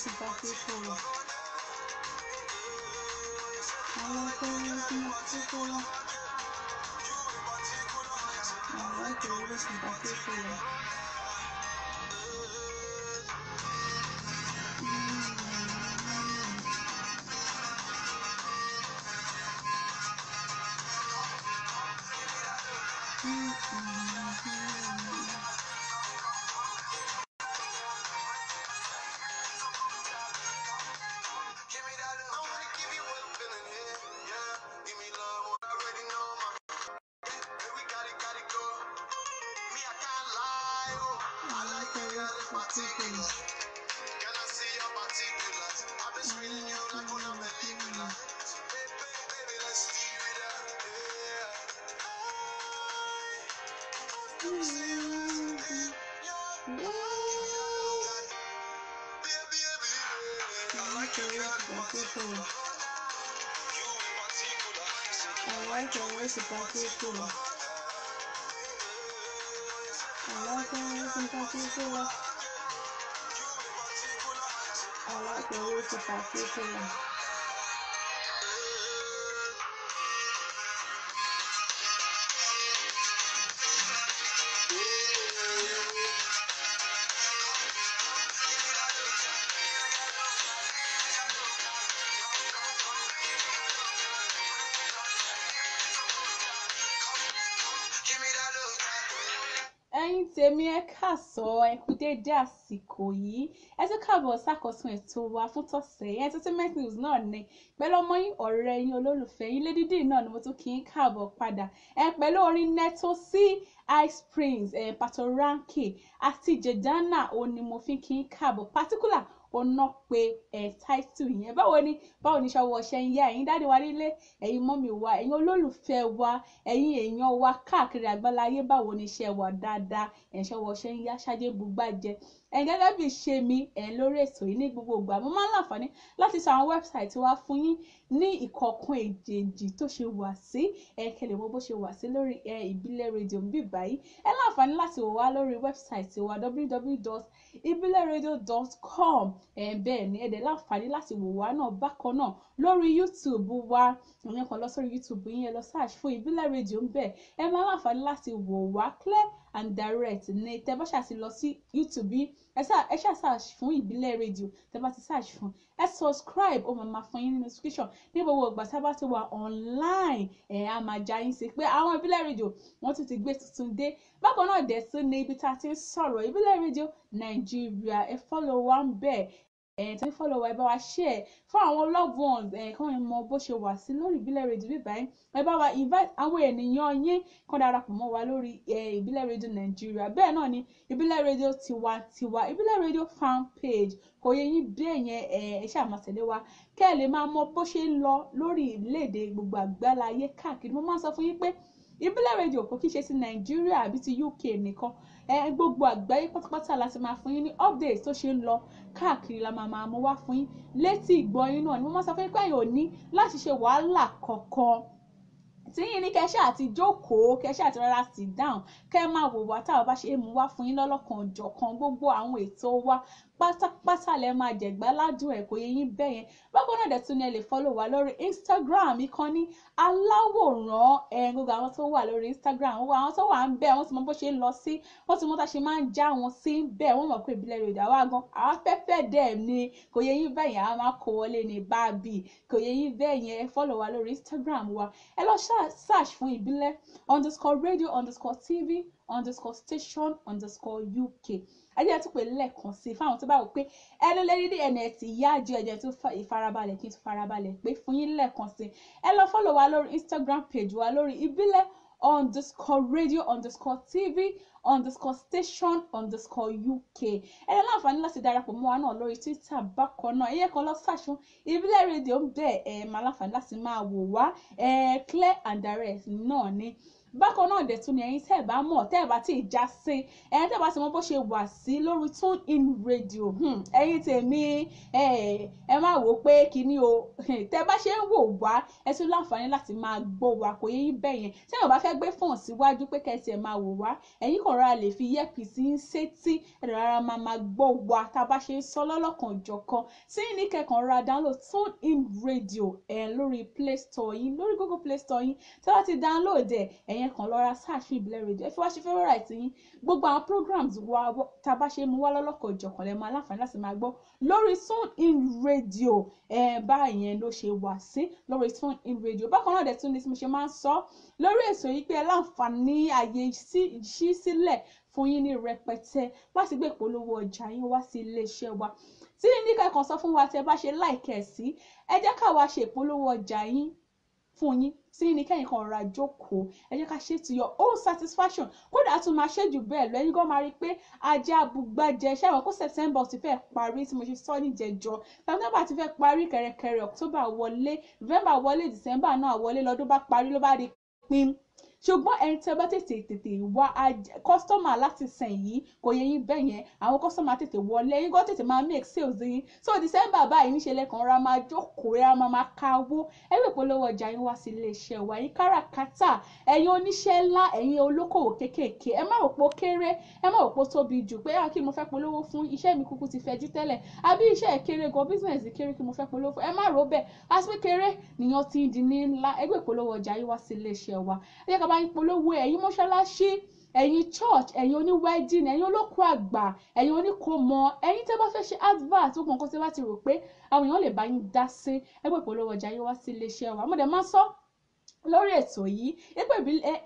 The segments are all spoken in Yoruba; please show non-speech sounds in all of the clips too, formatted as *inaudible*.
esse barco I like the way in particular. I like the èmi ẹ káàsán ẹ kú déédé àsìkò yìí ẹ tún káàbọ̀ sàkóso ètò wa fún tọ̀sẹ̀ yẹn entertainment news náà ni pẹ̀lú ọmọ yín ọ̀rẹ́ yín olólùfẹ́ yín Ladydee náà ni mo tún kí n káàbọ̀ padà ẹ pẹ̀lú orin neto sí ice prince ẹ eh, Patoranking àti jedana òun ni mo fi kí n káàbọ̀ particular òun náà pe ẹ̀ táìtù yẹn báwo ni báwo ni ṣọwọ́ ṣe ń yá ẹ̀yin dáàdi wa nílé ẹ̀yin mọ́mì wa ẹ̀yin olólùfẹ́ wa ẹ̀yin èèyàn wa káàkiri àgbáláyé báwo ni ṣe wà dáadáa ẹ̀ ṣọwọ́ ṣe ń yá ṣáájú bugbàjẹ́ ẹ̀ gẹ́gẹ́ bí ṣe mi ẹ̀ lórí ètò yìí ní gbogbo ìgbà mo máa ń láǹfààní láti sọ àwọn wẹ́bsáìtì wa fún yín ní ìkọ̀kan èjèèjì tó ṣe wà sí ẹ̀kẹ́lẹ̀ mọ́ bó ṣe wà sí lórí ìbílẹ̀ rédíò níbí báyìí ẹ láǹfààní láti wò wá lórí wẹ́bsáìtì wa www.ibileradio.com ẹ̀ bẹ́ẹ̀ ni ẹ dẹ̀ láǹfààní láti wò wá náà bákan náà lórí YouTube wa ìyẹn kan lọ sórí YouTube yín ẹ lọ search fún ìbílẹ̀ rédíò ń bẹ̀ ẹ máa láǹfààní láti wò wá clear and direct ni tẹ bá ṣàti lọ sí YouTube yín ẹ ṣá ẹ ṣá search fún ìbílẹ̀ rédíò tẹ́ bá ti search fún ẹ subscribe ó máa fún yín ní notification ní gbogbo ìgbà tá a bá ti wà online ẹ̀ á máa já yín sí pé àwọn ìbílẹ̀ rédíò wọ́n tún ti gbé tuntun dé bákan náà dẹ̀ tún ní ibi tá a ti ń sọ̀rọ̀ ìbílẹ̀ rédíò nàìjíríà ẹ follow wa ń bẹ̀ ẹ̀yin eh, tó ń fọ́lọ̀ wa ẹ bá wa share fún àwọn love ones ẹ̀yin eh, kan mọ bó ṣe wà sí lórí ìbílẹ̀ rédíò bíbáyìí ẹ bá wa invite àwọn ènìyàn yín kan darapọ̀ mọ́ wa lórí eh, ìbílẹ̀ rédíò nàìjíríà bẹ́ẹ̀ náà ni ìbílẹ̀ rédíò tiwantiwa ìbílẹ̀ rédíò fan page kò yẹ yín bẹ́ẹ̀ yẹn ẹ ṣáà máa tẹ̀lé wa kẹ́ ẹ lè máa mọ bó ṣe ń lọ lórí ìlédè gbogbo àgbáláyé káàkiri mo máa ń sọ fún yín pé ìbílẹ̀ rédíò kò kí ṣe ti nàìjíríà àbí ti uk nìkan ẹ gbogbo àgbáyé pátápátá la ti máa fún yín ní update tó ṣe ń lọ káàkiri la máa máa mú wá fún yín létí ìgbọ́ yín náà ni mo máa sọ fún yín pé ẹ̀yin ò ní láti ṣe wàhálà kankan tí yín ní kẹṣẹ àti jókòó kẹṣẹ àti rárá sit down kẹ máa wò wá tá bá ṣe é mú wá fún yín lọ́lọ́kan òjọ̀kan gbogbo àwọn ètò wa pátápátá lẹ máa jẹ̀gbá ládùn ẹ̀ kò yẹ yín bẹ́ẹ̀ yẹn bákan náà dẹ̀ ni ẹ lè fọ́lọ̀ wá lórí Instagram ìkànnì aláwòrán ẹ̀ gbogbo àwọn tó wà lórí Instagram gbogbo àwọn tó wà ń bẹ̀ wọ́n ti mọ bó ṣe ń lọ sí wọ́n ti mọ tá ṣe máa ń já wọn sí ń bẹ̀ wọ́n pé ìbílẹ̀ Yorùbá wà gan àwọn afẹ́fẹ́ dẹ̀ ni kò yẹ yín bẹ́ẹ̀ yẹn a máa kó wọlé ní báàbì kò yẹ yín yẹn ẹ fọ́lọ̀ wá lórí Instagram wa ẹ lọ search fún ìbílẹ̀ underscore radio underscore tv underscore station underscore uk ẹjẹ tún pè lẹ́ẹ̀kan sí fáwọn tó bá wò pé ẹnu lé dídí ẹnẹ tí ìyá àjọ ẹjẹ tó ìfarabalẹ̀ kí n tún farabalẹ̀ pé fún yín lẹ́ẹ̀kan sí ẹ lọ fọlọ wa lórí Instagram page wa lórí ìbílẹ̀ underscore radio underscore tv underscore station underscore uk ẹ lè láǹfààní láti darapọ̀ mọ́ wa náà lórí twitter bákan náà ẹ̀yẹ́ kan lọ sàṣún ìbílẹ̀ rédíò ń bẹ̀ ẹ̀ máa láǹfààní láti máa wò wá ẹ̀ clear and direct náà ni bákan náà dẹ̀ tún ni ẹ̀yin tẹ́ ẹ̀ bá mọ̀ tẹ́ ẹ̀ bá ti já sí ẹ̀yin tẹ́ ẹ̀ bá ti mọ bó ṣe wà sí lórí tune in radio hmm, ẹ̀yin tèmi ẹ má wò ó pé kíní o *laughs* tẹ́ ẹ bá ṣe ń wò wá ẹ tún láǹfààní láti máa gbọ́ wa kò yẹ yín bẹ́ẹ̀ yẹn tẹ́ ẹ̀ bá fẹ́ gbé fọ̀n síwájú pé kẹ́sì ẹ̀ máa wò wá ẹ̀yin kò rárá lè fi yẹ́pìsì ń sétí ẹ̀rọ ara máa máa gbọ́ wa tá a bá ṣe ń sọ lọ́lọ́kan jọ̀kan sí ní kẹ́kàn ra download tune in radio ẹ̀ lórí play store yín google play store yín tẹ́ bá ti download yẹn kàn lọ ra search fún ìbílẹ̀ rédíò ẹ fi wá ṣe favourite yín gbogbo àwọn programs wa tá a bá ṣe mú wá lọ́lọ́kọ̀ ìjọ̀kan lẹ́ẹ̀ máa láǹfààní láti máa gbọ́ lórí TuneIn rédíò ẹ báyẹn ló ṣe wà sí lórí TuneIn rédíò bákan náà dẹ̀ tún ní tí mo ṣe máa ń sọ lórí èso yìí pé ẹ láǹfààní àyè sí sílẹ̀ fún yín ní rẹpẹtẹ láti gbé ìpolówó ọjà yín wá sí iléeṣẹ́ wa tí ní kẹ́kọ̀ọ́ sọ fún wa tẹ́ bá ṣe láìkẹ́ sí ẹ jẹ́ káwa ṣe ìpolówó ọjà yín fún yín sí ní kẹ́yìn kan ọ̀rọ̀ àjókòó ẹ jẹ́ ká ṣe to your own satisfaction kódà tún máa ṣe jù bẹ́ẹ̀ lọ ẹ̀yin gan máa rí i pé ajé abùgbàjẹ ṣẹ́wọ̀n kó september ti fẹ́ parí tí mo ṣe sọ níjẹjọ september ti fẹ́ parí kẹ̀rẹ̀kẹ̀rẹ̀ october wọlé november wọlé december náà wọlé lọ́dún bá parí ló bá di pín ṣùgbọ́n ẹni tí ẹ bá tètè tètè wá kọ́sítọ́mà láti sìn yìí kò yẹ yín bẹ́ẹ̀ yẹn àwọn kọ́sítọ́mà tètè wọlé yín kó tètè máa make sales yín so december báyìí níṣẹ́ lẹ́kàn ra máa jókòó ra máa máa kawó ẹgbẹ́ ìpolówó ọjà yín wá sí iléeṣẹ́ wa yín káràkátà ẹ̀yin oníṣẹ́ ńlá ẹ̀yin olókòwò kéékèèké ẹ má rò pó kéré ẹ má rò pó tóbi jù pé kí mo fẹ́ polówó fún iṣẹ́ mi kúkú ti fẹjú tẹ́lẹ̀ àbí iṣẹ́ kéré gan business kéré kí mo fẹ́ polówó fún ẹ má rò bẹ́ẹ̀ àti kéré nìyẹn ti di ní ńlá ẹgbẹ́ ìpolówó ọjà yín wá sí iléeṣẹ́ wa ẹ jẹ́ ká bá yín polówó ẹ̀yin mọ́ṣáláṣí ẹ̀yin church ẹ̀yin oní wedding ẹ̀yin olókù àgbà ẹ̀yin oníkòmọ ẹ̀yin tẹ́ bá fẹ́ ṣe advert ó kàn kó tẹ́ bá ti rò pé àwọn èèyàn lè bá yín dá sí ẹgbẹ́ ìpolówó ọjà yín wá sí iléeṣẹ́ wa mo dẹ̀ máa sọ lórí ètò yìí ipò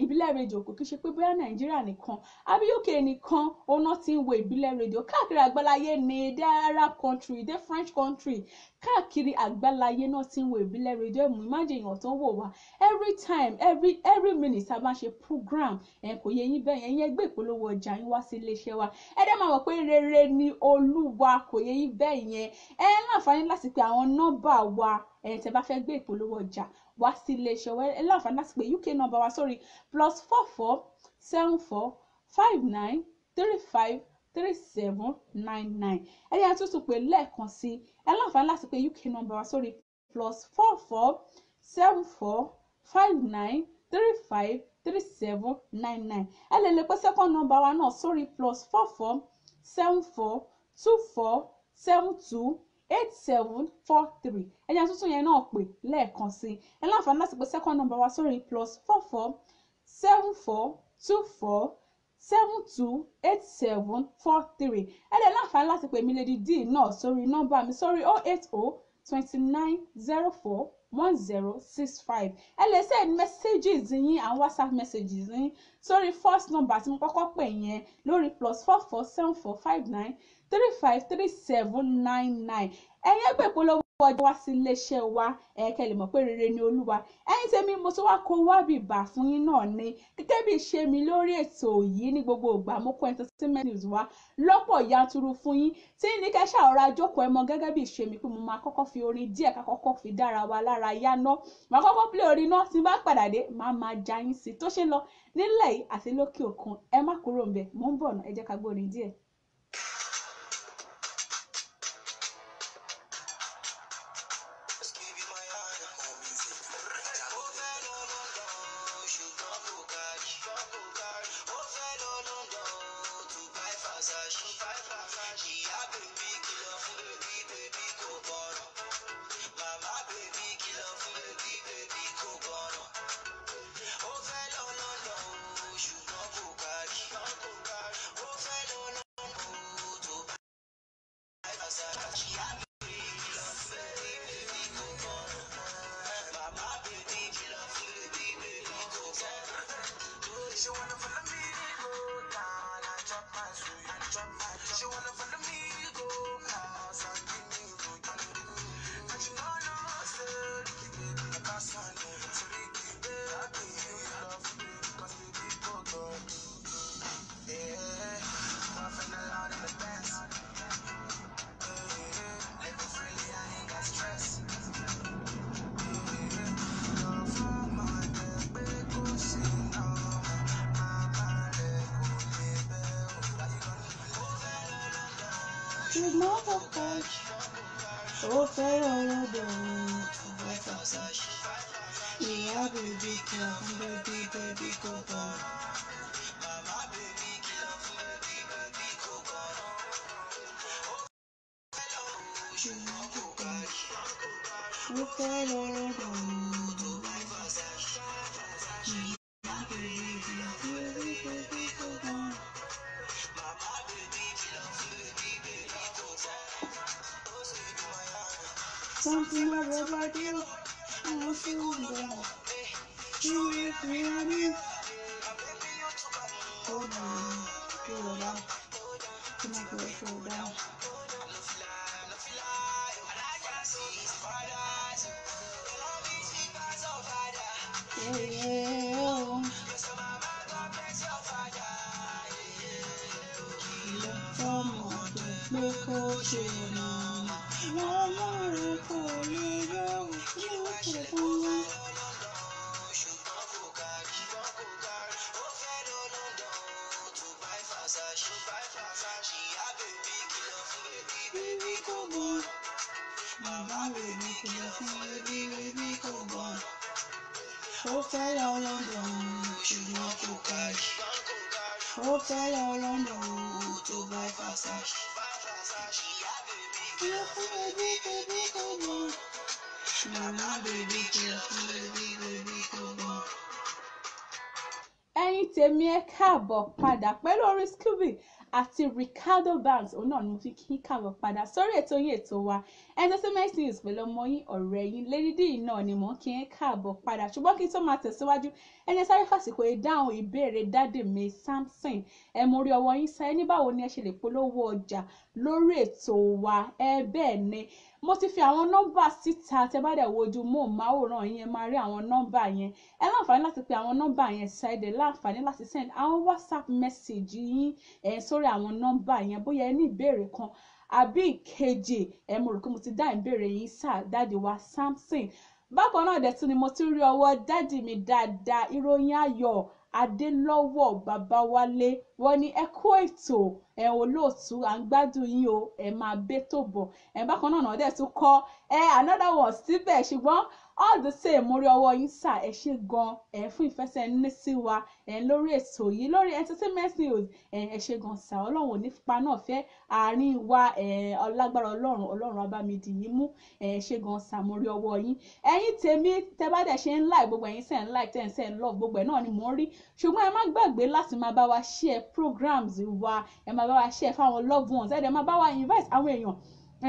ìbílẹ̀ rédíò kò kí ṣe pé bóyá nàìjíríà nìkan àbí uk nìkan ọ̀nà tí ń wo ìbílẹ̀ rédíò káàkiri àgbáláyé ní dé arab country dé french country káàkiri àgbáláyé náà ti ń wo ìbílẹ̀ rédíò ẹ̀mú imagine èèyàn tó ń wò wá every time every every minute tá a bá ṣe program ẹ̀ kò yẹ yín bẹ́ẹ̀ yẹn yẹn gbé ìpolówó ọjà yín wá sí iléeṣẹ́ wa ẹ dẹ́ máa mọ̀ pé rere ni olúwa kò yẹ yín bẹ́ẹ̀ yẹn ẹ láǹfààní láti pe àwọn nọ́mbà wa ẹ̀yin tẹ́ bá fẹ́ gbé ìpolówó ọjà wá sí iléeṣẹ́ wa ẹ láǹfààní láti pe UK nọ́mbà wa sórí plus four four seven four five nine three five three seven nine nine ẹ̀yin àtúntò pé lẹ́ẹ̀kan sí i ẹ láǹfààní láti pé UK number wa sórí plus four four seven four five nine three five three seven nine nine ẹ lè lè pé second number wa náà sórí plus four four seven four two four seven two eight seven four three ẹ̀yà tuntun yẹn náà pè lẹ́ẹ̀kan sí i ẹ láǹfààní láti pé second number wa sórí plus four four seven four two four seven two eight seven four three ẹ lè láǹfààní láti pè mí Lady D náà sórí nọ́mbà mi sórí oh eight oh twenty nine zero four one zero six five ẹ lè send messages yín àwọn whatsapp messages yín sórí first number tí mo kọ́kọ́ pè yẹn lórí plus four four seven four five nine three five three seven nine nine ẹ̀yin ẹgbẹ́ ìpolówó kọjá wá sí iléeṣẹ́ wa ẹ̀kẹ́ lè mọ̀ pé rere ni olúwa ẹ̀yin tèmi mo tún wá kó wá bìbà fún yín náà ni gẹ́gẹ́ bí ìṣe mi lórí ètò yìí ní gbogbo ìgbà mo kó entertainment news wá lọ́pọ̀ yanturu fún yín tí ní kẹ́ ṣá jókòó ẹ gẹ́gẹ́ bí ìṣe mi pé mo máa kọ́kọ́ fi orin díẹ̀ ká kọ́kọ́ fi dára wa lára yá ná màá kọ́kọ́ play orin náà tí n bá padà dé màá máa ja yín sí tó ṣe lọ nílẹ̀ yìí àti lókè òkun ẹ má kúrò ńbẹ̀ mò ń bọ̀ ná ẹ jẹ́ ká gbọ́ díẹ̀ pé kó ṣe nà wọ́n lára kò lè yọ òkú fún wa. Baby, come on. Bàbá rẹ̀ ní kìlọ̀ fún ẹbí baby, come on. Ó fẹ́ lọ London, ṣùgbọ́n kò kárí. Ó fẹ́ lọ London, tó bá fàṣà. Careful, baby, baby, baby. No, no, baby, careful, baby, baby, tèmi ẹ káàbọ̀ padà pẹ̀lú orin Skubbie àti Ricardo Banks òun náà ni mo fi kí kàwọ́ padà sórí ètò yín ètò wa entertainment news pẹ̀lú ọmọ yín ọ̀rẹ́ yín D, náà ni mò ń kí yín káàbọ̀ padà ṣùgbọ́n kí n tó máa tẹ̀síwájú ẹni sáré fàsìkò ìdáhùn ìbéèrè dáàdì mi Samson ẹ mo rí ọwọ́ yín sáyé ní báwo ni ẹ ṣe lè polówó ọjà lórí ètò wa ẹ bẹ́ẹ̀ ni mo ti fi àwọn nọ́mbà síta tẹ́ bá dẹ̀ wojú móhùnmáwòrán yẹn máa rí àwọn nọ́mbà yẹn ẹ láǹfààní láti pe àwọn nọ́mbà yẹn ṣáìdẹ̀ láǹfààní láti send àwọn whatsapp message yín ẹ̀ sórí àwọn nọ́mbà yẹn bóyá ẹ ní ìbéèrè kan àbí ìkejì ẹ mo rò pé mo ti dá ìbéèrè yín sáà dáàdi wa Samson bákan náà dẹ̀ tún ni mo ti rí ọwọ́ dáàdi mi dáadáa ìròyìn ayọ̀ Adélọ́wọ̀ Babáwálé wọ́n ní ẹ kú ètò ẹ olóòtú à ń gbádùn yín o ẹ máa bẹ́tò bọ̀ ẹ bákan náà náà dẹ̀ tún kọ ẹ another one síbẹ̀ ṣùgbọ́n all the same mo rí ọwọ́ yín sà ẹ ṣe gan ẹ fún ìfẹsẹ̀ní sí wa ẹ lórí ètò yìí lórí entertainment news ẹ ẹ ṣe gan sà ọlọ́run ò ní fipá náà fẹ́ àárín wa ẹ ọlágbára ọlọ́run ọlọ́run abámidì yìí mú ẹ ṣe gan sà mo rí ọwọ́ yín ẹ̀yin tèmi tẹ bá dẹ̀ ṣe ń like gbogbo ẹ̀yin sẹ́ ń like tẹ́ ń sẹ́ ń love gbogbo ẹ̀ náà ni mo ń rí ṣùgbọ́n ẹ má gbàgbé láti máa bá wa share programs wa ẹ máa bá wa share fáwọn loved ones ẹ dẹ̀ máa bá wa invite àwọn èèyàn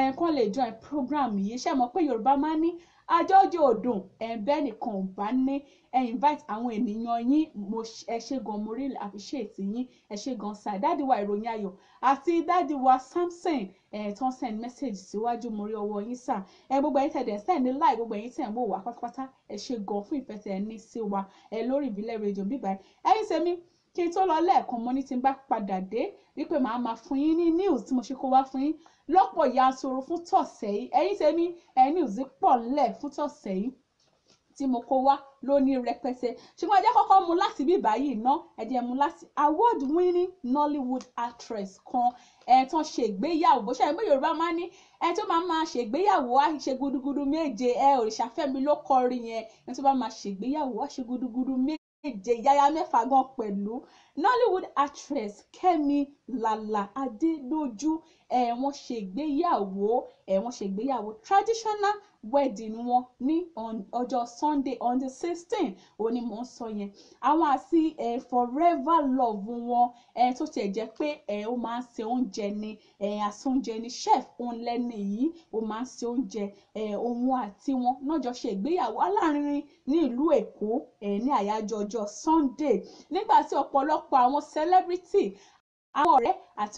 ẹ kàn lè join program yìí ṣe mo pé Yorùbá máa ní àjọjọ òdùn ẹ̀ǹbẹ́ nìkan ò bá ní ẹ invite àwọn ènìyàn yín mo ẹ ṣé gan mo really appreciate yín ẹ ṣé gan sáà dáàdi wa ìròyìn ayọ̀ àti dáàdi wa Samson ẹ tán send message síwájú mo rí ọwọ́ yín sáà ẹ gbogbo ẹ̀yin tẹ̀dẹ̀ send ní like gbogbo ẹ̀yin tẹ̀ ń wò wá pátápátá ẹ ṣé gan fún ìfẹ́ tẹ̀ ní sí wa ẹ lórí ìbílẹ̀ rédíò bíbáyìí ẹ̀yin sẹ́mi kí n tó lọ lẹ́ẹ̀kan mo ní tí n bá padà dé wípé màá máa fún yín ní news tí mo ṣe kó wá fún yín lọ́pọ̀ yanturu fún tọ̀sẹ̀ yìí ẹ̀yin tèmi ẹ̀yin ìzí pọ̀ ńlẹ̀ fún tọ̀sẹ̀ yìí tí mo kó wá lónìí rẹpẹtẹ ṣùgbọ́n ẹ jẹ́ kọ́kọ́ mu láti bí báyìí ná ẹ jẹ́ mu láti award winning Nollywood actress kan ẹ̀ tán ṣe ìgbéyàwó bó ṣe àìmọ́ Yorùbá máa ní ẹ tó máa máa ṣègbéyàwó á ṣe gudugudu méje ẹ òrìṣà Fẹ́mi ló kọrin yẹn ẹ tó máa máa ṣègbéyàwó á ṣe gudugudu méje yáyá mẹ́fà gan pẹ̀lú Nollywood actress Kẹ́mi Lálá Adélójú ẹ̀ wọ́n ṣe ìgbéyàwó ẹ̀ wọ́n ṣe ìgbéyàwó traditional wedding wọn ní ọjọ́ sunday on the sixteen òní mò ń sọ yẹn àwọn àti ẹ̀ forever love wọn ẹ̀ tó tiẹ̀ jẹ́ pé ẹ̀ ó máa ń se oúnjẹ ni ẹ̀ àsoúnjẹ ni chef òun lẹ́ni yìí ó máa ń se oúnjẹ ẹ̀ òun àti wọn náà jọ ṣe ìgbéyàwó alárinrin ní ìlú èkó ẹ̀ ní àyájọ́ ọjọ́ sunday nígbà tí ọ̀pọ̀lọpọ̀ àwọn celebrity Àwọn ọ̀rẹ́ àti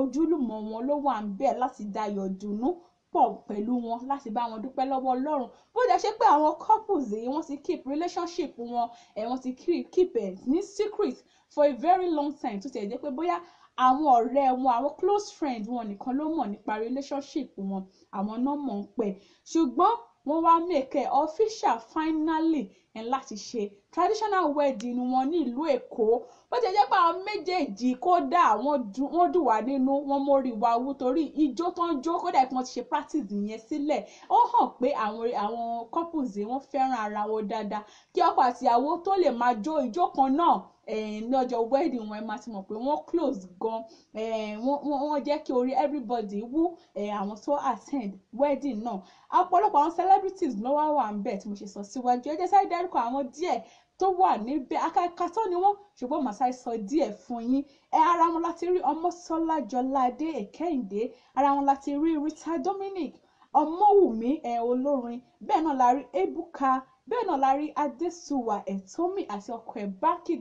ojúlùmọ̀ wọn ló wà ńbẹ̀ láti dayọ̀ dùnnú pọ̀ pẹ̀lú wọn láti bá wọn dúpẹ́ lọ́wọ́ Ọlọ́run. Bó tilẹ̀ jẹ́ pé àwọn couples yìí wọ́n ti keep relationship wọn ẹ̀ wọ́n ti keep ẹ̀ ní secret for a very long time tó tiẹ̀ jẹ́ pé bóyá àwọn ọ̀rẹ́ wọn àwọn close friends wọn nìkan ló mọ̀ nípa relationship wọn àwọn náà mọ̀ ọ́n pẹ̀. Ṣùgbọ́n wọ́n wá make ẹ̀ official finally ẹ̀ láti ṣe traditional wedding wọn ní ìlú Èkó bó ti jẹ́ pé àwọn méjèèjì kódà wọ́n dùn wá nínú wọn mórí wa wú torí ijó tó ń jó kódà kí wọ́n ti ṣe practice yẹn sílẹ̀ ó hàn pé àwọn couples wọ́n fẹ́ràn ara wọn dáadáa kí ọkọ àtìyàwó tó lè máa jó ijó kan náà Eh, ní ọjọ́ wedding wọn ẹ máa ti mọ̀ pé wọ́n close gan eh, wọ́n jẹ́ kí orí everybody wú eh, àwọn tó attend wedding náà ọ̀pọ̀lọpọ̀ àwọn celebrities ló wá wà ń bẹ̀ tí mo ṣe sọ síwájú ẹ jẹ́ sáré dárúkọ àwọn díẹ̀ tó wà níbẹ̀ akakatọ́ ni wọ́n ṣùgbọ́n màsáì sọ díẹ̀ fún yín ẹ ara wọn láti rí ọmọ́sọ́lá jọládé ẹ̀kẹ́yìndé ara wọn láti rí rita dominic ọmọwùmí ẹ̀ olórin bẹ́ẹ̀ náà la rí ebuka bẹ́ẹ̀ náà la rí Adesuwa Etomi àti ọkọ ẹ̀ Baki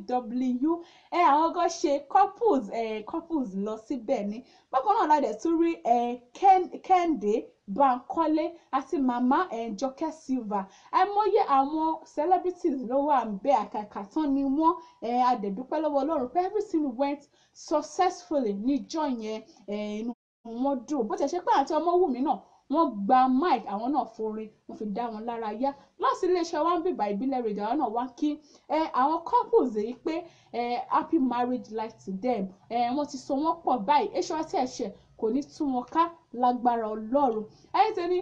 W ẹ àwọn gan ṣe couples ẹ couples lọ síbẹ̀ ni bákan náà la dẹ̀ tún rí ẹ Kẹ́hìndé Bankole àti mama, ẹ Jọkẹ́ Silva àìmọye àwọn celebrities ló wà ń bẹ àkàkà tán ni wọ́n ẹ adẹ̀dúpẹ́ lọ́wọ́ Ọlọ́run pé everything went successfully níjọ́ yẹn ẹ inú wọn dùn bó ti ṣe pé àti ọmọ wù mí náà wọ́n gba mic àwọn náà forin wọ́n fi dá wọn lára yá láti iléeṣẹ́ wa ń bìbà ìbílẹ̀ rèdíò àwọn náà wá kí àwọn couples yìí pé happy marriage life to them wọ́n ti so wọ́n pọ̀ báyìí èso àti ẹ̀ṣẹ̀ kò ní tú wọn ká lágbára ọlọ́run ẹ̀yin tẹ́ni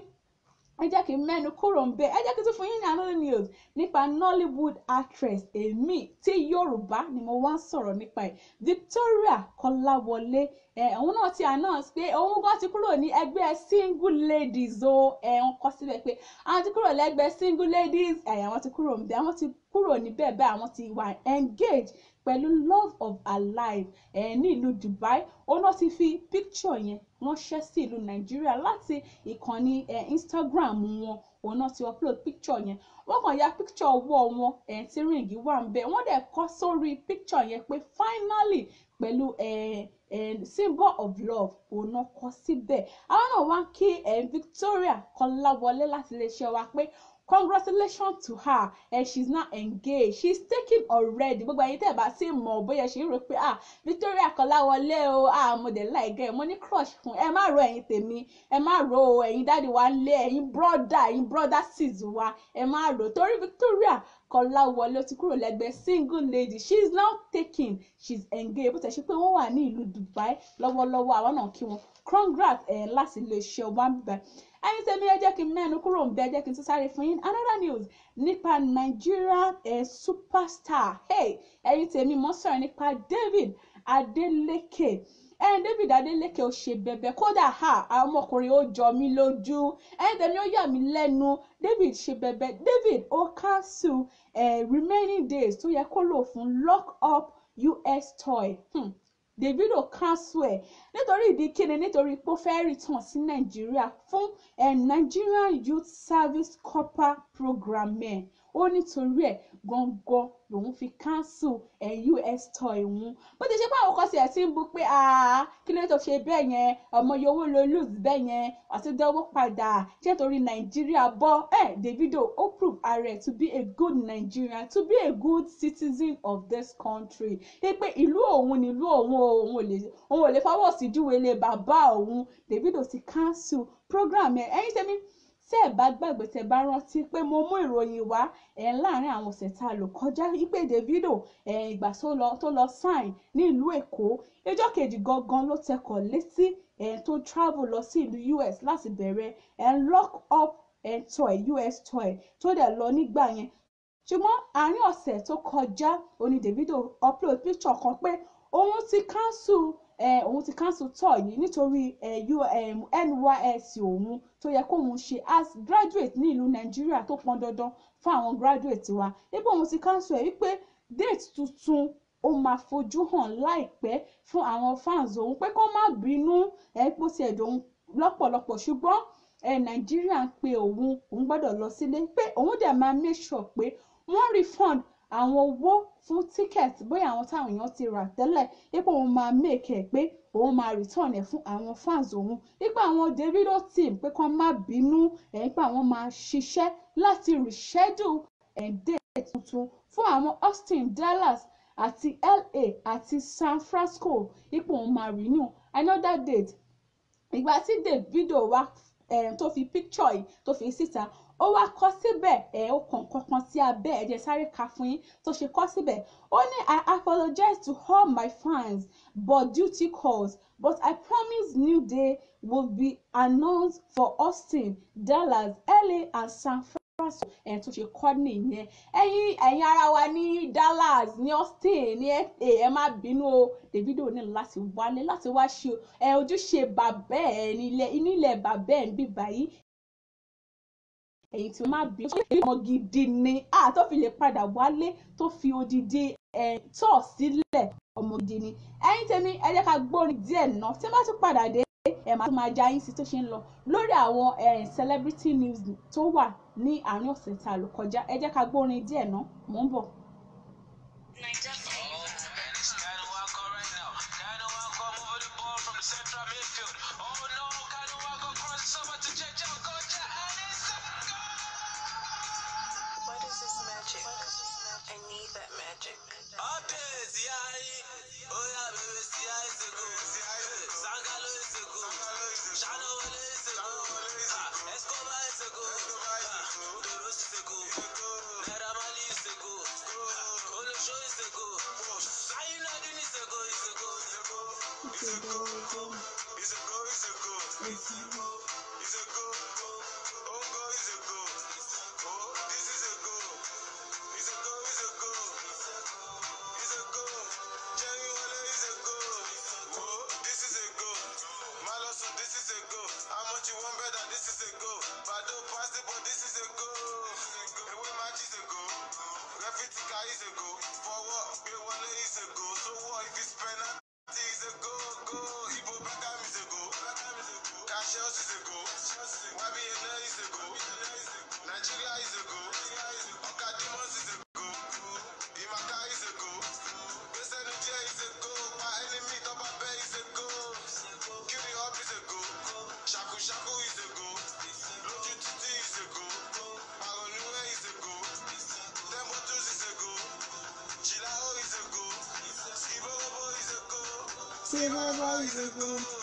ẹ jẹ́ kí n mẹ́nu kúrò ń bẹ́ẹ̀ ẹ jẹ́ kí n tún fún yín ní another news nípa Nollywood actress èmi tí Yorùbá ni mo wá ń sọ̀rọ̀ nípa ẹ̀ Victoria Kọ́láwọlé ẹ̀ òun náà ti announce pé òun gan ti kúrò ní ẹgbẹ́ single ladies o ẹ̀ ń kọ́ síbẹ̀ pé àwọn ti kúrò lẹ́gbẹ́ single ladies ẹ̀ àwọn ti kúrò níbẹ̀ àwọn ti kúrò níbẹ̀ bẹ́ẹ̀ àwọn ti wà engaged pẹ̀lú love of her life ẹ̀ eh, ní ìlú Dubai òun náà ti fi picture yẹn ránṣẹ́ sí ìlú Nàìjíríà láti ìkànnì ẹ̀ eh, Instagram wọn òun náà ti upload picture yẹn wọ́n kàn ya picture ọwọ́ wọn eh tí ríǹgì wà ń bẹ̀ wọ́n dẹ̀ kọ́ sórí picture yẹn pé finally pẹ̀lú eh ẹ̀ eh, symbol of love òun náà kọ́ síbẹ̀ àwọn náà wá kí eh Victoria Kọ́láwọlé láti lè ṣe wa pé congratulations to her and she's now engaged she's taken already gbogbo ẹ̀yin tẹ́ ẹ bá sì mọ̀ bóyá ṣe ń rò pé ah Victoria Kọ́láwọlé o ah mo dẹ̀ láìgẹ́ mo ní crush fún ẹ má ro ẹ̀yin tèmi ẹ má ro o ẹ̀yin dáàdi wa ń lé ẹ̀yin brọ́dà ẹ̀yin brọ́dà sis wa ẹ má ro torí Victoria Kọ́láwọlé ó ti kúrò lẹ́gbẹ́ single lady she's now taken she's engaged bó tẹ̀ ṣe pé wọ́n wà ní ìlú Dubai lọ́wọ́lọ́wọ́ àwọn náà kí wọn congrats ẹ̀ eh, láti lè ṣe ọba bíbẹ̀ ẹ̀yin tèmi ẹ jẹ́ kí n mẹ́nu kúrò ń bẹ ẹ jẹ́ kí n tún sáré fún yín another news nípa Nigeria eh, superstar hey ẹ̀yin tèmi mo sọ̀rọ̀ nípa David Adeleke Eh, David Adeleke ò ṣe bẹbẹ kódà ha ọmọkùnrin ó jọ mí lójú eh, ẹn tèmi ó yà mí lẹ́nu David ṣe bẹbẹ David ó cancel eh, remaining days tó yẹ kó lò fún lock up US toy. Hmm Davido cancel ẹ̀ nítorí ìdí kíni nítorí pé ó fẹ́ return sí Nàìjíríà fún eh, Nigerian Youth Service Corps program ẹ̀ ó nítorí ẹ̀ gọ́ngọ́ lòun fi cancel us toy wọn bó ti ṣe pé àwọn kan sì ẹ̀ ti ń bu pé kí ló tó ṣe bẹ́ẹ̀ yẹn ọmọ yòówó ló lose bẹ́ẹ̀ yẹn àti dánwó padà ṣé torí nàìjíríà bọ́ ẹ̀ Davido ó prove ara ẹ̀ to be a good Nigerian to be a good citizen of this country ṣé pé ìlú òun nílùú òun òun ò lè fọwọ́ sí júwèé lé bàbá òun Davido ti cancel program ẹ̀ ẹ̀yin tẹ́mi tẹ́ ẹ bá gbàgbé tẹ́ bá rántí pé mo mú ìròyìn wá ẹ̀ láàrin àwọn ọ̀sẹ̀ tá a lò kọjá wípé Davido ẹ̀ ìgbà tó lọ sign nílùú Èkó ẹjọ́ kejì gangan ló tẹkọ̀ létí ẹ̀ tó travel lọ sí ìlú US láti bẹ̀rẹ̀ ẹ̀ lock up ẹ̀ toy US toy tó dẹ̀ lọ nígbà yẹn ṣùgbọ́n àárín ọ̀sẹ̀ tó kọjá oní Davido upload picture kan pé òun ti cancel Eh, òun ti cancel tour yìí nítorí eh, NYSC òun tó yẹ kóun ṣe as graduate ní ìlú Nàìjíríà tó pọn dandan fún àwọn graduate wa ipò òun ti cancel ẹ̀ wípé date tuntun ó máa fojú hàn láìpẹ́ fún àwọn fans òun pé kó má bínú eh, ẹ̀ pọ̀ sí ẹ̀dùn lọ́pọ̀lọpọ̀ ṣùgbọ́n ẹ̀ Nàìjíríà ń pe òun òun gbọ́dọ̀ lọ sílé pé òun dẹ̀ máa make sure pé wọ́n refund àwọn owó fún ticket bóyá àwọn táwọn èèyàn ti rà tẹ́lẹ̀ ipò òun máa make ẹ̀ pé òun máa return ẹ̀ fún àwọn fans òun nípa àwọn Davido team pé kán má bínú ẹ̀ nípa àwọn máa ṣiṣẹ́ láti reschedule ẹ̀ date tuntun fún àwọn Austin Dallas àti LA àti San Francisco ipò òun máa renew another date ìgbà tí Davido wá um, tó fi picture yìí tó fi síta ó wá kọ síbẹ̀ ẹ̀ ó kàn kankan sí abẹ́ ẹ̀ jẹ́ sáré ka fún yín tó ṣe kọ síbẹ̀ ó ní I apologize to all my fans but duty calls but I promise new day will be announced for Austin, Dallas, LA and San Francisco france ẹ̀ tó ṣe kọ́ nìyẹn ẹ̀yin ẹ̀yin ara wa ní Dallas ní Austin ní fa ẹ má bínú o Davido ní láti wálé láti wá ṣe ẹ ojúṣe bàbá ẹ nílẹ̀ bàbá ẹ ń bí báyìí èyí tí ó má bí ọmọ gidi ni a tó fi lè padà wálé tó fi odidi ẹ̀ tọ̀ sílẹ̀ ọmọ gidi ni ẹ̀yin tèmi ẹ jẹ́ ká gbórin díẹ̀ ná tí wọ́n bá tún padà dé ẹ̀ máa tún máa já yín sí tó ṣe ń lọ lórí àwọn celebrity news tó wà ní àárín ọ̀sẹ̀ tá a lò kọjá ẹ jẹ́ ká gbórin díẹ̀ ná mò ń bọ̀. Nigeria is a god. is a god. Oh God is a god. Oh, this is a god. is a god. He's a god. He's a god. Jerry Wale is a god. Oh, this is a god. Malosu, this is a god. How much you want better? This is a god. Bado Pasti, but this is a god. Away match is a god. Refitika is a god. For what? Bill Wale is a god. So what if it's penalty is a god? Chelsea is a goal. YBL is a goal. Nigeria is a goal. Oka Demons is a goal. Imaka is a goal. Besenu is a goal. My enemy Toba Bay is a goal. Kiri Up is a goal. Shaku Shaku is a goal. Loju is a goal. Pagonue is a goal. Tembotus is a goal. Chilao is a goal. Skibobo is a goal. Skibobo is a goal.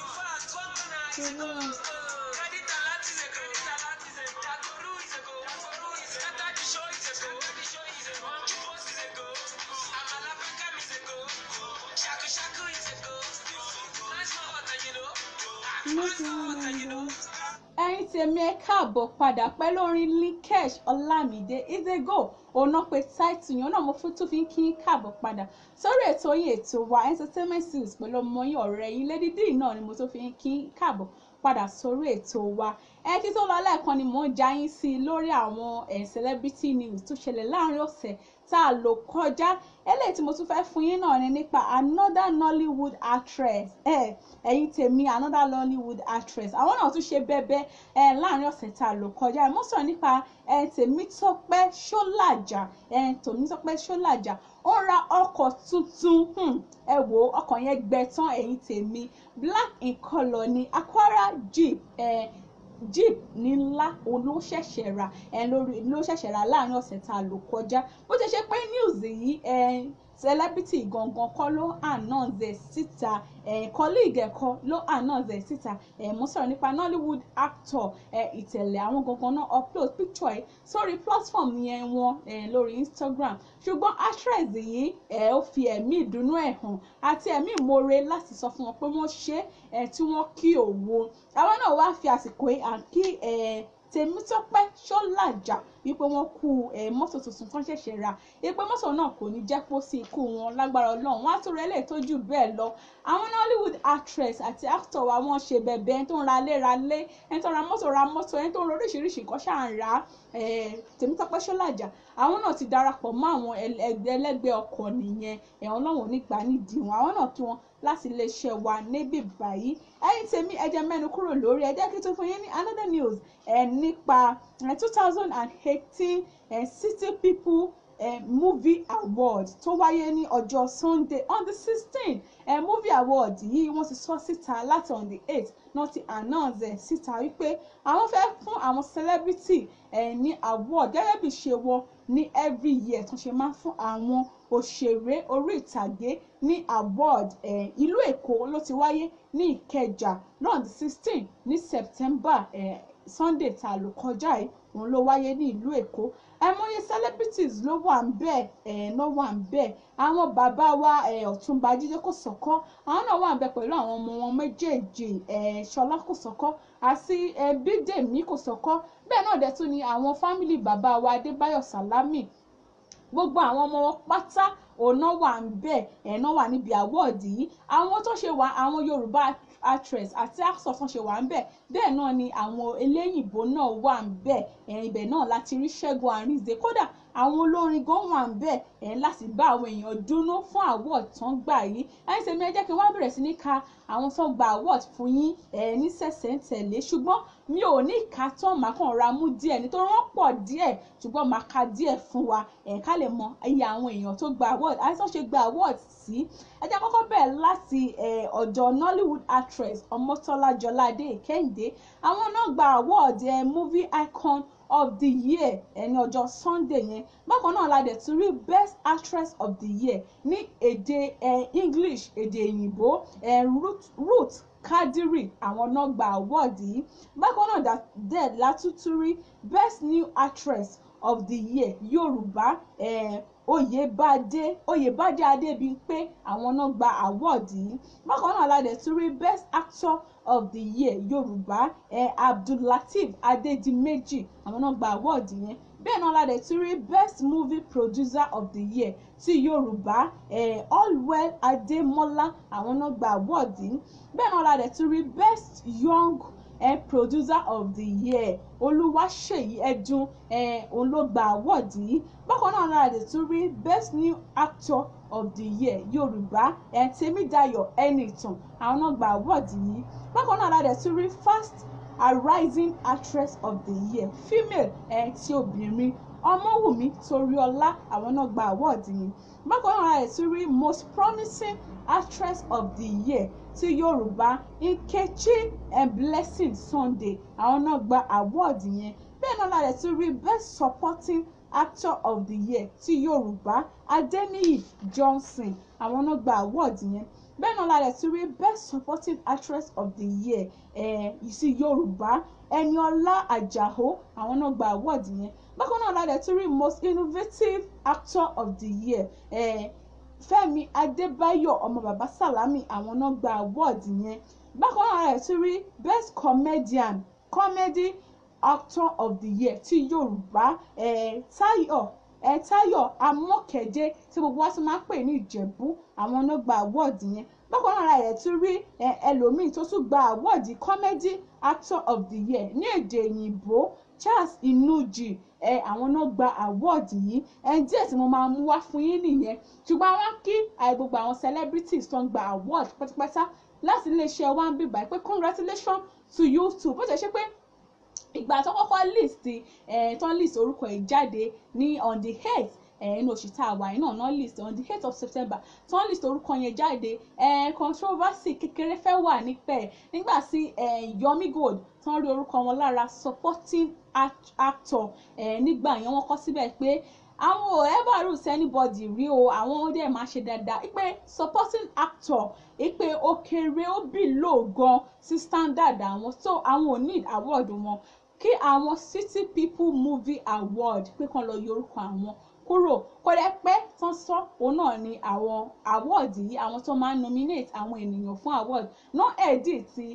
Чего? ẹ̀yin tèmi ẹ káàbọ̀ padà pẹ̀lú orin linkesh olamide is a go òun náà pé táìtù yẹn náà mo tún fi ń kí káàbọ̀ padà sórí ètò yín ètò wa entertainment series pẹ̀lú ọmọ yín ọ̀rẹ́ yín Lady D náà ni mo tó fi ń kí káàbọ̀ padà sórí ètò wa ẹ kí tó lọ lẹ́ẹ̀kan ni mò ń já yín sí i lórí àwọn eh, celebrity news tó ṣẹlẹ̀ láàrin ọ̀sẹ̀ tá a lò kọjá eléyìí tí mo tún fẹ́ fún yín náà ni nípa another Nollywood actress ẹ̀yin tèmi another Nollywood actress àwọn náà tún ṣe bẹ́ẹ̀bẹ́ láàrin ọ̀sẹ̀ tá a lò kọjá mo sọ̀rọ̀ nípa Tèmítọ́pẹ́ Ṣọ́làjà Tèmítọ́pẹ́ Ṣọ́làjà ó ra ọkọ̀ tuntun hmm, ẹ wò ó ọkọ̀ yẹn gbẹ tán ẹ̀yin tèmi black in colour ni Aquara jeep eh jeep ni ńlá ló ṣẹ̀ṣẹ̀ ra ló ṣẹ̀ṣẹ̀ rà láàrin ọ̀sẹ̀ tá a lò kọjá bó ṣe ṣe pé news yìí celebrity gangan kọ́ ló announce ẹ̀ síta colleague ẹ̀kọ́ ló announce ẹ̀ síta mo sọ̀rọ̀ nípa Nollywood actor ìtẹ̀lẹ̀ àwọn gangan náà upload picture ẹ̀ sórí platform yẹn wọn lórí Instagram ṣùgbọ́n actress yìí ó fi ẹ̀mí ìdùnnú ẹ̀ hàn àti ẹ̀mí ìmoore láti sọ fún wọn pé wọ́n ṣe é tí wọ́n kí òwò àwọn náà wá fi àsìkò yìí à ń kí Tèmítọ́pẹ́ Ṣọ́làjà wípé wọ́n kú eh, mọ́tò tuntun tó ń ṣẹ̀ṣẹ̀ rà wípé mọ́tò náà kò ní jẹ́ kó sí ikú wọn lágbára ọlọ́run wọ́n á tún rẹ́lẹ̀ tó jù bẹ́ẹ̀ lọ àwọn Nollywood actress àti actor wa wọ́n ṣe bẹ̀bẹ̀ ẹni tó ń ra lé ra lé ẹni tó ń ra mọ́tò ra mọ́tò ẹni tó ń ra oríṣiríṣi nǹkan ṣáà ń rà eh, Tèmítọ́pẹ́ Ṣọ́làjà àwọn náà ti darapọ̀ mọ́ àwọn ẹlẹ́gbẹ́ ọkọ̀ nìyẹn ẹ̀wọ̀n eh, lọ́wọ́ nígbà nídìí wọn àwọn náà kí wọn láti lè ṣe wà níbí báyìí ẹ̀yin tèmi ẹ jẹ́ mẹ́nu kúrò lórí ẹ jẹ́ kí n tó fún yín ní another news ẹ nípa two thousand and eight. 2018 uh, eh, City People uh, Movie Award tó wáyé ní ọjọ́ Sunday on the 16 uh, eh, Movie Award yìí wọ́n ti sọ síta láti on the 8 náà ti announce ẹ̀ síta wípé àwọn fẹ́ fún àwọn celebrity uh, ní award gẹ́gẹ́ bí ṣe wọ ní every year tó ṣe máa ń fún àwọn òṣèré orí ìtàgé ní award eh, ìlú Èkó ló ti wáyé ní Ìkẹjà náà on the 16 ní September eh, Sunday tá a lò kọjá yìí òun ló wáyé ní ìlú èkó ẹmọye celebrities ló wà ń bẹ ẹ ló wà ń bẹ àwọn bàbá wa ẹ ọ̀túnba jíjẹ kòsọkọ àwọn náà wà ń bẹ pẹ̀lú àwọn ọmọ wọn méjèèjì ẹ ṣọlá kòsọkọ àti ẹ bídèmí kòsọkọ bẹ́ẹ̀ náà dẹ̀ tún ni àwọn fámìlì bàbá wa adébáyọ̀ sálámì gbogbo àwọn ọmọ wọn pátá ọ̀nà wà ń bẹ̀ ẹ̀nà wà níbi àwọ́ọ̀dì yìí àwọn tó ṣe wà àwọn yorùbá actress àti actor tán ṣe wà ń bẹ̀ bẹ́ẹ̀ náà ni àwọn eléyìnbó náà wà ń bẹ̀ ẹ̀yìn ibẹ̀ náà láti rí Ṣẹ́gun Àrìnze kódà àwọn olórin gan wà ń bẹ̀ ẹ̀ láti bá àwọn èèyàn dúró fún award tán gbà yìí ẹ̀yin tèmi ẹ jẹ́ kí n wá bẹ̀rẹ̀ sí ní ka àwọn tán gba award fún yín ẹ̀ ní sẹ̀sẹ̀ ń tẹ̀lé ṣùgbọ́n mi ò ní ìka tán màá kàn ra mú díẹ̀ nítorí wọ́n pọ̀ díẹ̀ ṣùgbọ́n màá ka díẹ̀ fún wa ẹ̀ ká lè mọ iye àwọn èèyàn tó gba award àti tó ṣe gba award sí ẹ jẹ́ kọ́kọ́ bẹ̀rẹ̀ láti eh, ọ̀dọ̀ Nollywood actress Ọmọ́tọ́lá Jọládé Kẹ́hìndé àwọn náà gba award eh, movie icon of the year ẹni eh, ọjọ́ Sunday yẹn bákan náà la dẹ̀ tún rí best actress of the year ní èdè eh, English èdè òyìnbó eh, Ruth, Ruth Kadiri àwọn náà gba awọ́ọ̀dù yìí, bákan náà Didace Latyuri rí Best New Actress of the Year Yorùbá um Oyèbádé Adébímpé àwọn náà gba awọ́ọ̀dù yìí, bákan náà la dẹ̀ tún Best Actor of the Year Yorùbá um eh, Abdul Lateef Adédìméjì àwọn náà gba awọ́ọ̀dù yẹn bẹ́ẹ̀ náà la dẹ̀ ti rí best movie producer of the year ti yorùbá eh, allwell adémọ́lá àwọn náà gba award yìí bẹ́ẹ̀ náà la dẹ̀ ti rí best young eh, producer of the year olúwaṣèyí ẹdùn eh, òun ló gba award yìí bákan náà la dẹ̀ ti rí best new actor of the year yorùbá eh, tèmídayọ̀ ẹnìtàn àwọn náà gba award yìí bákan náà la dẹ̀ ti rí first A rising actress of the year female ẹ̀ eh, ti obìnrin ọmọwùmí toríọlá àwọn náà gba àwọ́ọ̀dì yìí bákan náà ẹ̀ tún rí most promising actress of the year ti yorùbá nkechi and eh, blessing sunday àwọn náà gba àwọ́ọ̀dì yẹn bẹ́ẹ̀ náà lára ẹ̀ tún rí best supporting actor of the year ti yorùbá adeniyi johnson àwọn náà gba àwọ́ọ̀dì yẹn bẹ́ẹ̀ náà la ti rí best supporting actress of the year sí yorùbá ẹniọlá àjàó àwọn náà gba award yẹn bákan náà la rẹ̀ ti rí most innovative actor of the year fẹ́mi adébáyọ̀ ọmọ bàbá sàlámì àwọn náà gba award yẹn bákan náà la rẹ̀ ti rí best comedian comedy actor of the year ti yorùbá eh, tayo ẹ̀ẹ́tayọ̀ amọ́kẹ́dé tí gbogbo wa tún máa ń pè ní ìjẹ̀bú àwọn ló gba àwọ́ọ̀dì yẹn bákan náà rẹ̀ tún rí ẹlòmíì tó tún gba àwọ́ọ̀dì comedy actor of the year ní èdè òyìnbó Charles Inuji ẹ àwọn náà gba àwọ́ọ̀dì yìí ẹ díẹ̀ tí mo máa mú wá fún yín nìyẹn ṣùgbọ́n àwọn kí gbogbo àwọn celebrities tó ń gba award pátápátá láti iléeṣẹ́ wa ń bíbá pé congratulations to you too bó ṣe ṣe pé ìgbà tó kọ́kọ́ list tán list orúkọ ẹ̀ jáde ní on the eight ẹ̀ẹ́n oṣù tá a wà yìí náà náà list on the eight of September tí wọ́n list orúkọ yẹn jáde ẹ̀ẹ́n controversy kékeré fẹ́ wà nípẹ̀ nígbà tí ẹ̀ẹ́n Yomi Gold tí wọ́n rí orúkọ wọn lára supporting actor ẹ̀ẹ́n nígbà yẹn wọ́n kọ́ síbẹ̀ pé àwọn ò ever root anybody rí o àwọn ó dẹ̀ máa ṣe dáadáa ipe supporting actor ipe ó kéré ó bì lóògan sí standard àwọn so àwọn ò need award wọn kí àwọn city people movie award pé kán lọ yọ orúkọ àwọn kúrò kódà pé sánsán òun náà ni àwọn award yìí àwọn tó máa ń nominate àwọn ènìyàn fún award No ẹ̀dì ti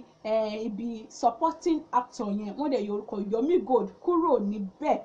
ibi supporting actor yẹn wọ́n dẹ̀ yorùkọ Yomi Gold kúrò níbẹ̀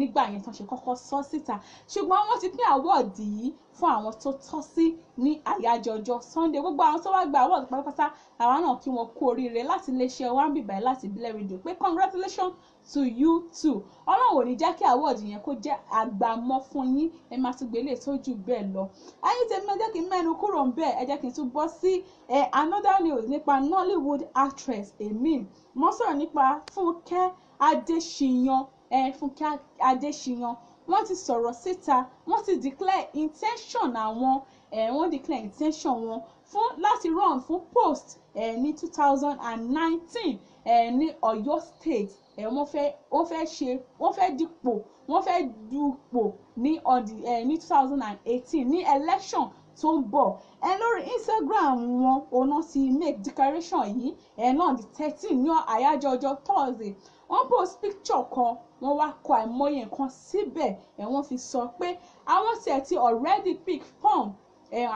nígbà yẹn tán ṣe kọ́kọ́ sọ síta ṣùgbọ́n wọ́n ti pín award yìí fún àwọn tó tọ́ sí ní àyájọ́ ọjọ́ Sunday gbogbo àwọn tó wá gba award pátápátá àwọn náà kí wọ́n kú oríire láti iléeṣẹ́ one bíbáyé láti Ìbílẹ̀ rédíò pé congratulations to you too ọlọ́run ò ní jẹ́ kí award yẹn kó jẹ́ àgbàmọ́ fún yín ẹ máa tún gbélé tó jù bẹ́ẹ̀ lọ ayé tèmi ẹ jẹ́ kí n mẹ́nu kúrò ń bẹ́ẹ̀ ẹ jẹ́ kí n tún bọ́ sí ẹ another news nípa Nollywood actress emin mo sọ̀rọ̀ nípa Fúnkẹ́ Adéṣíyan ẹ Fúnkẹ́ Adéṣíyan wọ́n ti sọ̀rọ̀ síta wọ́n ti declare intention àwọn Eh, wọ́n declare intention wọn fún láti run fún post eh, ní two thousand and nineteen eh, ní Ọ̀yọ́ state wọ́n fẹ́ wọ́n fẹ́ ṣe wọ́n fẹ́ dipò wọ́n fẹ́ dupò ní ọdí ní two thousand and eighteen ní election tó ń bọ̀ ẹ lórí Instagram wọn òun náà ti make declaration yìí ẹ náà di thirteen ní àyájọ́ ọjọ́ Thursday wọ́n post picture kan wọ́n wá kọ àìmọye nǹkan síbẹ̀ ẹ̀ wọ́n fi sọ pé àwọn tiẹ̀ ti already pick form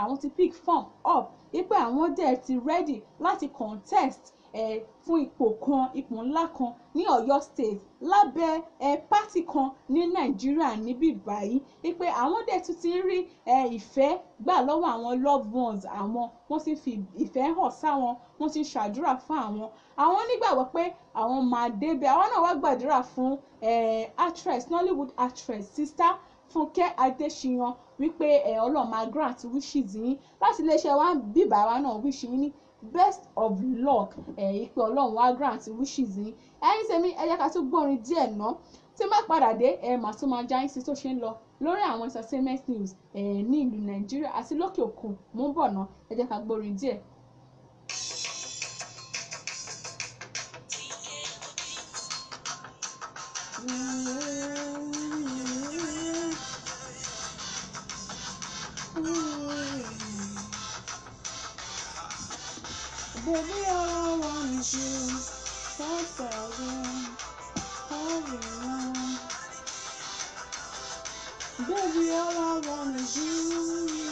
àwọn ti pick form up wípé àwọn dẹ̀ ti ready láti contest eh, fún ipò kan ipò ńlá kan ní Ọ̀yọ́ state lábẹ́ eh, pátì kan ní Nàìjíríà níbí báyìí wípé àwọn dẹ̀ tún ti ń rí eh, ìfẹ́ gbà lọ́wọ́ àwọn loved ones àwọn wọ́n ti fi ìfẹ́ hàn sáwọn wọ́n ti ṣàdúrà fún àwọn àwọn nígbàgbọ́ pé àwọn máa débẹ̀ àwọn náà wá gbàdúrà fún eh, actress Nollywood actress sister fúnkẹ́ adéṣíyàn wípé ẹ̀ ọlọ́mà grant wishes yín láti iléeṣẹ́ wa bíbá wa náà wish yín ní best of luck ẹ̀ ìpè ọlọ́run wa grant wishes yín ẹ̀yin tèmi ẹ jẹ́ ká tún gbọ́rin díẹ̀ ná tí má padà dé ẹ̀ màá tún máa já yín sí tó ṣe ń lọ lórí àwọn entertainment news ẹ̀ ní ìlú nàìjíríà àti lókè òkun mú bọ̀ ná ẹ jẹ́ ká gbọ́rin díẹ̀. Mm-hmm. Baby, all I want is you. Five thousand, having Baby, all I want is you.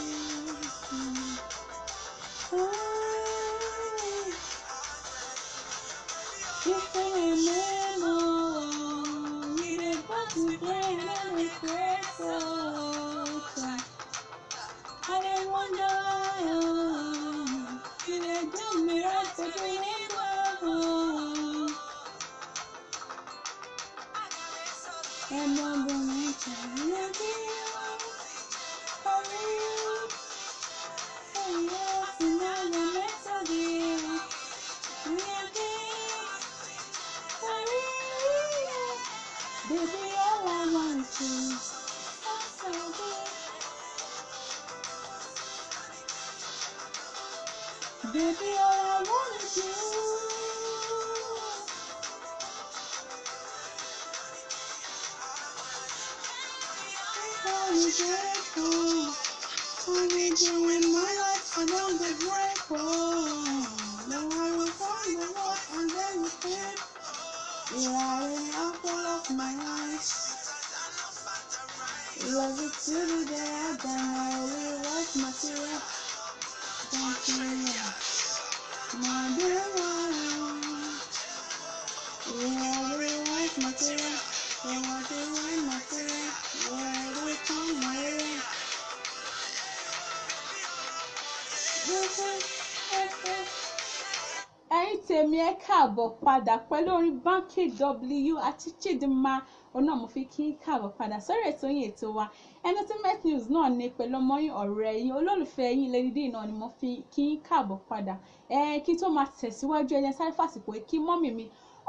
padà pẹ̀lú orin banky w àti chidinma onámọ̀fin kí n káàbọ̀ padà sórí ètò yín ètò wa entertainment news náà ni pẹ̀lú ọmọ yín ọ̀rẹ́ yín olólùfẹ́ yín Ladydee náà ni mo fi kí n káàbọ̀ padà ẹ kí tó máa tẹ̀síwájú ẹni sáré fàsìkò kí mọ́mì mi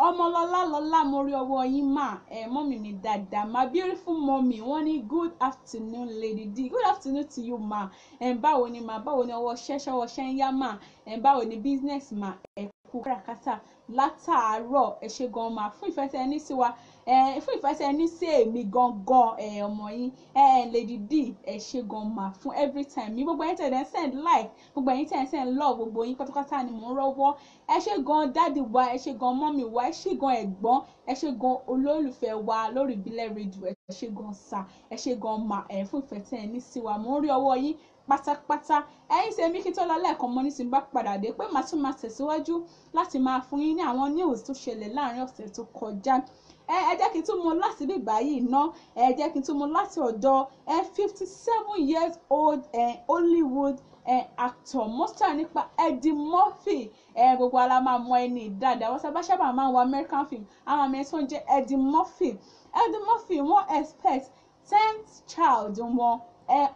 ọmọlọ́lá lọ́lá mo rí ọwọ́ yín mà ẹ mọ́mì mi dáadáa my beautiful mọ́mì wọ́n ní good afternoon lady D good afternoon to you ma ẹ báwo ni ma báwo ni ọwọ́ ṣẹ́ṣẹ́ ọwọ́ ṣẹ́ ń yá mà ẹ báwo ni business ma ẹ kù káràkátà látàárọ̀ ẹ ṣé gan ma fún ìfẹsẹ̀ ẹni sí wa fún ìfẹsẹ̀ ẹni sí èmi gangan ọmọ yín Lady D ẹ ṣé gan ma fún every time mi gbogbo ẹ̀yin tẹ̀lé send like gbogbo ẹ̀yin tẹ̀lé send love gbogbo yín pátápátá ni mò ń rọ́wọ́ ẹ ṣé gan dáàdì wa ẹ ṣé gan mọ́mì wa ẹ ṣé gan ẹ̀gbọ́n ẹ ṣé gan olólùfẹ́ wa lórí ìbílẹ̀ rédíò ẹ ṣé gan sa ẹ ṣé gan ma fún ìfẹsẹ̀ ẹni sí wa mò ń rí ọwọ́ yín pátápátá ẹ̀yin ṣe mí kí tó lọ lẹ́ẹ̀kan mo ní tí n bá padà dé pé màá tún máa tẹ̀síwájú láti máa fún yín ní àwọn news tó ṣẹlẹ̀ láàrin ọ̀sẹ̀ tó kọjá ẹ jẹ́ kí n tún mú láti bí báyìí ná ẹ jẹ́ kí n tún mú láti ọ̀dọ̀ ẹ fifty seven years old eh, Hollywood eh, actor mọ́sítà nípa Eddie Murphy eh, gbogbo ara máa mọ ẹni dáadáa wọ́n sábà sábà máa ń wo American film àwọn àmì ẹ̀sán jẹ́ Eddie Murphy Eddie Murphy wọ́n expect tenth child wọn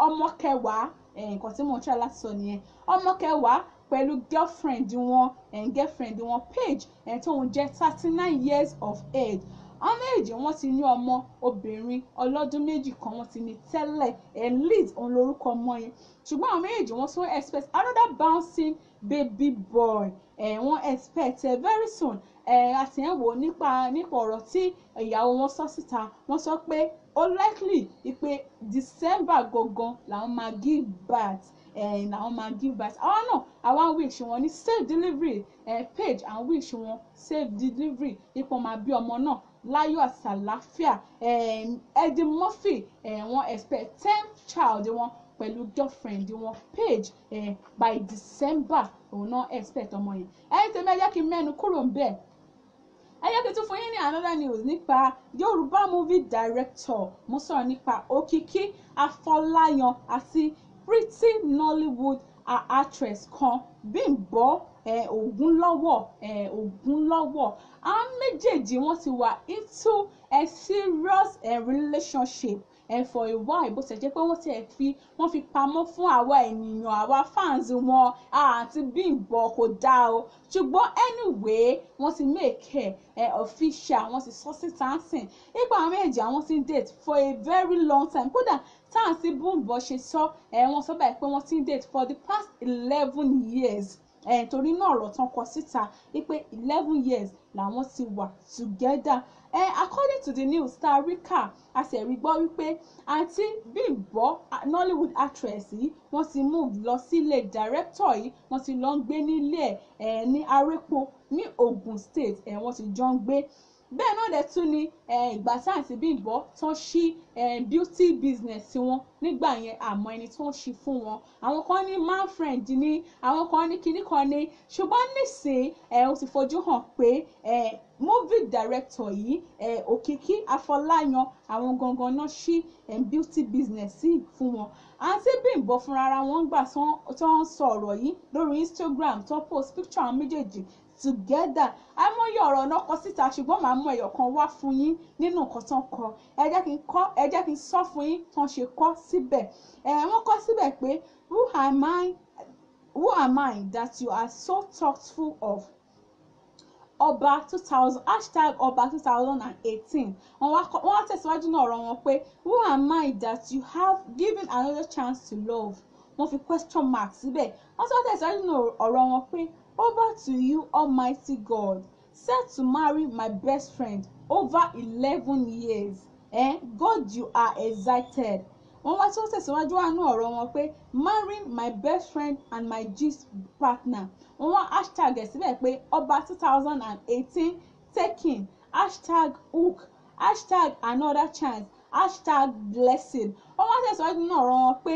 ọmọ kẹwàá Eh, nǹkan tí mo ń try láti sọ nìyẹn ọmọ kẹwàá pẹ̀lú girlfriend wọn eh, girlfriend wọn Paige eh, tóun jẹ́ thirty nine years of age àwọn méjì wọ́n ti ní ọmọ obìnrin ọlọ́dún méjì kan wọ́n ti ní tẹ́lẹ̀ elite òun lórúkọ ọmọ yẹn ṣùgbọ́n àwọn méjì wọ́n tún expect another bouncing baby boy ẹ̀ wọ́n expect ẹ̀ very soon a ti ń wò nípa nípa ọ̀rọ̀ tí ìyàwó wọn sọ síta wọ́n sọ pé ó likely pé December gangan làwọn máa give birth làwọn máa give birth àwọn náà àwọn wish wọn ní safe delivery page àwọn wish wọn safe delivery ipò máa bí ọmọ náà láyọ̀ àti àlàáfíà Eddie Murphy wọ́n expect ten child wọn pẹ̀lú girlfriend wọn page eh, by December òun náà expect ọmọ yẹn ẹ̀yin tèmi ẹ jẹ́ kí n mẹ́nu kúrò ń bẹ̀ ẹ yẹ kí n tún fún yín ní another news nípa yorùbá movie director mo sọ̀rọ̀ nípa òkìkí afọláyan àti pretty nollywood actress kan bímbọ́ eh, ògúnlọ́wọ̀ eh, ògúnlọ́wọ̀ àwọn méjèèjì wọ́n ti wà into a serious eh, relationship and for a while bó ṣe jẹ́ pé wọ́n tiẹ̀ fi wọ́n fi pamọ́ fún àwa ènìyàn àwa fans wọn àti Bímbọ kò dáa o ṣùgbọ́n anyway wọ́n ti make ẹ̀ official wọ́n ti sọ síta sìn ipò àwọn méjì àwọn ti ń date for a very long time kódà táà sí Bímbọ ṣe sọ ẹ̀ wọ́n sọ báyìí pé wọ́n ti ń date for the past eleven years ẹ̀ torí náà ọ̀rọ̀ tán kọ síta wípé eleven years làwọn ti wà together eh, according to the news tá a rí kà a sì rí gbọ́ wípé àǹtí Bímbọ́ Nollywood actress yìí wọ́n ti mú lọ sílé director yìí wọ́n ti lọ ń gbé nílé ẹ̀ eh, ní Arepo ní Ogun State ẹ̀ eh, wọ́n ti jọ ń gbé bẹ́ẹ̀ náà dẹ̀ tún ni eh, ìgbà tí àǹtí Bímbọ́ tán ṣí eh, beauty business tiwọn nígbà yẹn àmọ́ ẹni tó ń ṣí fún wọn àwọn kan ní man friend ni àwọn kan ní kinní kan ni ṣùgbọ́n nísìnyí ẹ̀ eh, ó ti fojú hàn pé ẹ̀ movie director yìí ẹ̀ Òkìkí Afọláyan àwọn gangan náà ṣí beauty business yìí fún wọn àǹtí Bímbọ́ fúnra wọn gbà tán sọ ọ̀rọ̀ yìí lórí Instagram tó post picture àwọn méjèèjì together àìmọye ọ̀rọ̀ náà kọ síta ṣùgbọ́n màá mú ẹyọ kan wá fún yín nínú nǹkan tán kọ ẹ jẹ́ kí n kọ ẹ jẹ́ kí n sọ fún yín tán ṣe kọ síbẹ̀ ẹ wọ́n kọ síbẹ̀ pé who am I who am I that you are so thoughtful of ọba two thousand hashtag ọba two thousand and eighteen wọ́n wá tẹ̀síwájú náà ọ̀rọ̀ wọn pé who am I that you have given another chance to love wọ́n fi question mark síbẹ̀ wọ́n tún wá tẹ̀síwájú náà ọ̀rọ̀ wọn pé Over to you almighty God set to marry my best friend over eleven years Eh, God you are excited wọ́n wá tí wọ́n tẹ̀síwájú àánú ọ̀rọ̀ wọn pé marrying my best friend and my gist partner wọ́n wá hashtag ẹ̀ síbẹ̀ pé ọba two thousand and eighteen taking hashtag hook hashtag another chance hashtag blessing wọ́n wá tẹ̀síwájú nínú ọ̀rọ̀ wọn pé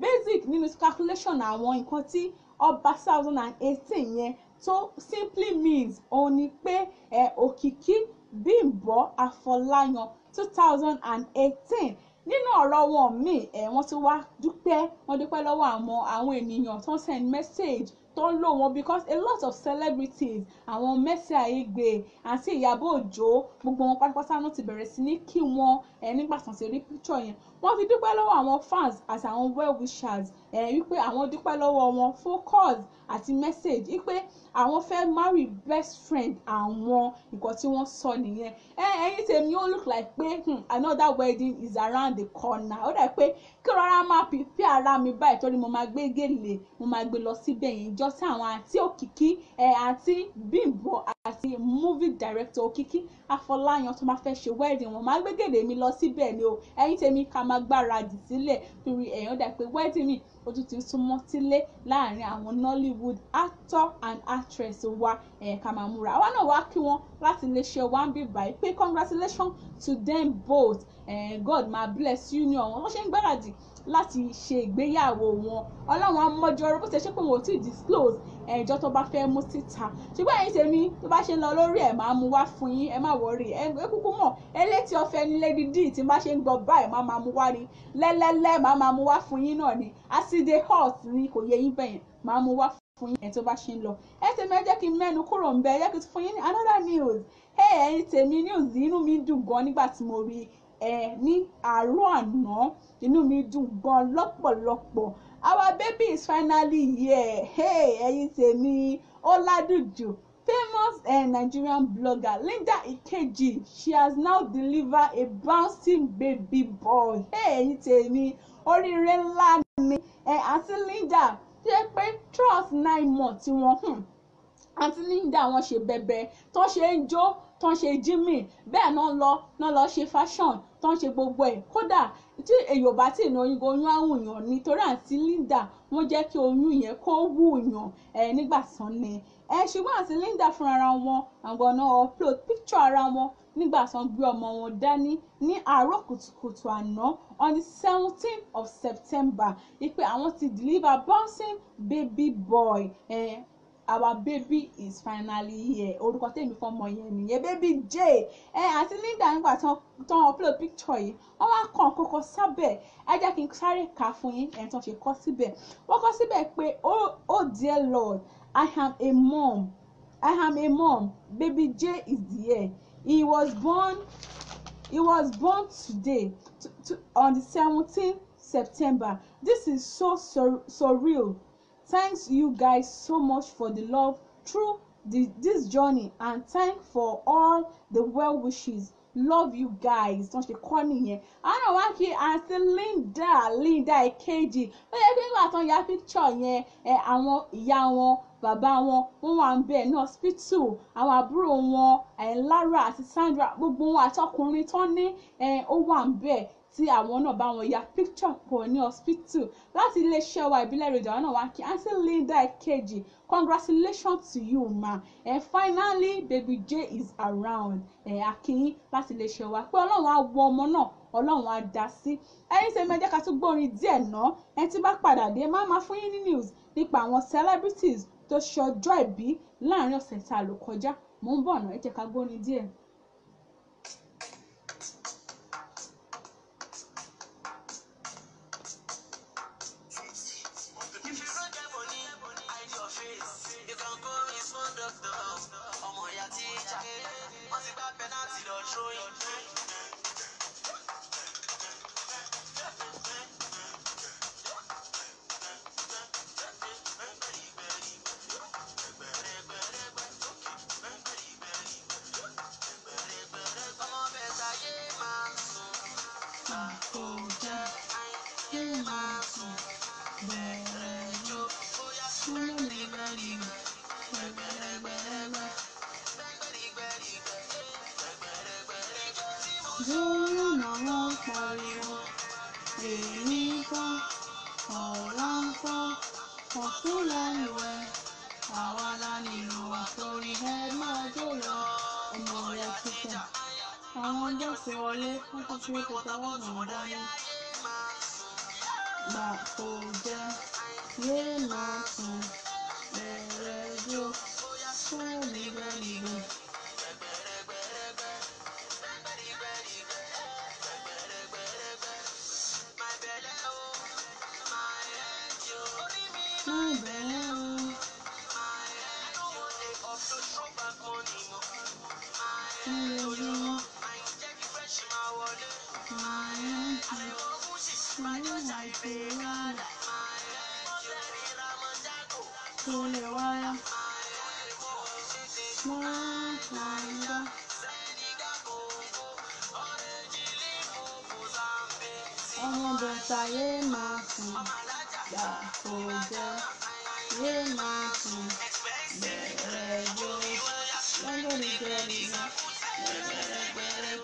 basic nínú calculation àwọn nǹkan tí ọba 2018 yẹn tó simply means òun ni pé ẹ òkìkí bímbọ́ afọláyan 2018 nínú ọ̀rọ̀ wọn míì ẹ̀ wọ́n ti wá dúpẹ́ wọ́n dúpẹ́ lọ́wọ́ àwọn àwọn ènìyàn tó ń send message tó ń lò wọ́n because a lot of celebrities àwọn Mercy Aigbe àti Ìyábọ̀ Òjó gbogbo wọn pátápátá ló ti bẹ̀rẹ̀ sí ní kí wọ́n ẹ̀ nígbà tán ti rí picture yẹn wọ́n fi dúpẹ́ lọ́wọ́ àwọn fans àti àwọn well wishers ẹ̀ eh, wípé àwọn dúpẹ́ lọ́wọ́ wọn fún calls àti message wípé àwọn fẹ́ marry best friend àwọn nǹkan tí wọ́n sọ nìyẹn ẹ eh, ẹyin tèmi ó look like pé hmm, another wedding is around the corner ó dà pé kí rọra máa pìpì ara mi báyìí torí mo máa gbé gèlè mo máa gbé lọ síbẹ̀ yẹn jọ́sí àwọn àti òkìkí ẹ̀ eh, àti bímbọ àti movie director Òkìkí Afọláyan tó máa fẹ́ ṣe wedding wọn máa gbégèdè mi lọ síbẹ̀ ni o ẹ̀yin tèmi ká máa gbáradì sílẹ̀ torí ẹ̀yàn dà pé wedding mi ó tún ti súnmọ́ sílé láàrin àwọn Nollywood actor and actress wa ẹ̀yìn ká máa múra àwa náà wá kí wọn láti lè ṣe wá ń bí báyìí pé congratulations to them both God ma bless you ní ọ̀wọ́n wọ́n ṣe ń gbáradì láti ṣe ìgbéyàwó wọn ọlọ́run á mọ́jú ọ̀rọ̀ bó ṣe ṣe pé wọn ò tí ì disclose ẹ̀jọ́ tó bá fẹ́ mú síta ṣùgbọ́n ẹ̀yin tèmi tó bá ṣe lọ lórí ẹ̀ máa mú wá fún yín ẹ má wọrí ẹ kúkú mọ̀ elétí ọ̀fẹ́ ní lady d tí bá ṣe ń gbọ́ báyìí má máa mú wá ni lẹ́lẹ́lẹ́ má máa mú wá fún yín náà ni aside hot ni kò yẹ yín bẹ̀yẹn má mú wá fún yín ẹ̀ tó bá ṣe ń lọ ẹ tèmi ẹ jẹ́ kí n mẹ́nu kúrò ń bẹ ẹ jẹ́ kí n fún yín ní another news ẹ ẹ̀yin tèmi news inú mi dùn gan nígbà tí mo rí i ẹ ní àárọ̀ àná inú mi dùn gan lọ́pọ̀lọpọ̀ our baby is finally here hey ẹ̀yin tèmi ọ̀làdùjù famous uh, Nigerian blogger Linda Ikeji she has now delivered a bouncing baby boy hey ẹ̀yin tèmi oríire ńlá ni àti eh, Linda ṣe pé trust nine months tí wọ́n àti Linda wọ́n ṣe bẹ̀bẹ̀ tó ṣe ń jó tán ṣe jimmy bẹ́ẹ̀ náà lọ náà lọ ṣe fashion tán ṣe gbogbo ẹ̀ kódà tí èyàn bá tí ìnáyìn oyún àwòyàn nítorí àti Linda wọ́n jẹ́ kí oyún yẹn kó wù yàn ẹ̀ nígbà tán ni ẹ ṣùgbọ́n àti Linda fúnra wọn àwọn upload picture ara wọn nígbà tán gbé ọmọ wọn dání ní àárọ̀ kùtùkùtù àná on the seventeen of September ìpè àwọn ti deliver bouncing baby boy. Eh, our baby is finally here orúkọ tèmi fọmọ yẹn nìyẹn baby j ẹ àti Linda nígbà tán upload picture yìí wọ́n wá kàn kókó sábẹ̀ ẹ jẹ́ kí n sáré kà fún yín ẹ̀ tán ṣe kọ síbẹ̀ wọ́n kọ síbẹ̀ pé oh, oh dear lord i am a mom i am a mom baby j is here he was born he was born today to, to, on the seventeenth september this is so sur surreal Thanks you guys so much for the love through the, this journey and thank for all the well wishes love you guys tí wọ́n ṣe kọ́ nìyẹn àwọn náà wá kí àǹtí Linda Linda Ìkejì ó yẹ kí nígbà tó ń ya picture yẹn ẹ àwọn ìyá wọn bàbá wọn wọn wà ń bẹ ní hospital àwọn àbúrò wọn ẹ Lara àti Sandra gbogbo wọn àtọkùnrin tó ní ẹ ó wà ń bẹ tí àwọn náà bá wọn ya picture pọ̀ ní hospital láti iléeṣẹ́ wa ìbílẹ̀ rédíò àwọn náà wá kí aunty Linda Ikeji congratulations to you ma and eh, finally baby J is around ẹ̀ eh, akínyín láti iléeṣẹ́ wa pé ọlọ́run á wọ ọmọ náà ọlọ́run á dá sí ẹ̀yin sẹ́mi ẹ jẹ́ ká tún gbọ́rin díẹ̀ ná ẹ ti bá padà dé má máa fún yín ní news nípa àwọn celebrities tó ṣe ọjọ́ ìbí láàrin ọ̀sẹ̀ tá a lò kọjá mò ń bọ̀ ná ẹ jẹ́ ká gbọ́rin díẹ̀. àwọn ọjọ́ sí wọlé wọ́n tún fi kọta wọ́n mọ̀ dání. gbà kó jẹ́ yéé máa táyé máa fún gbà kó jẹ yé máa fún bẹ̀rẹ̀ yó lọ́gọ́dún jẹ́ ìlú bẹ̀rẹ̀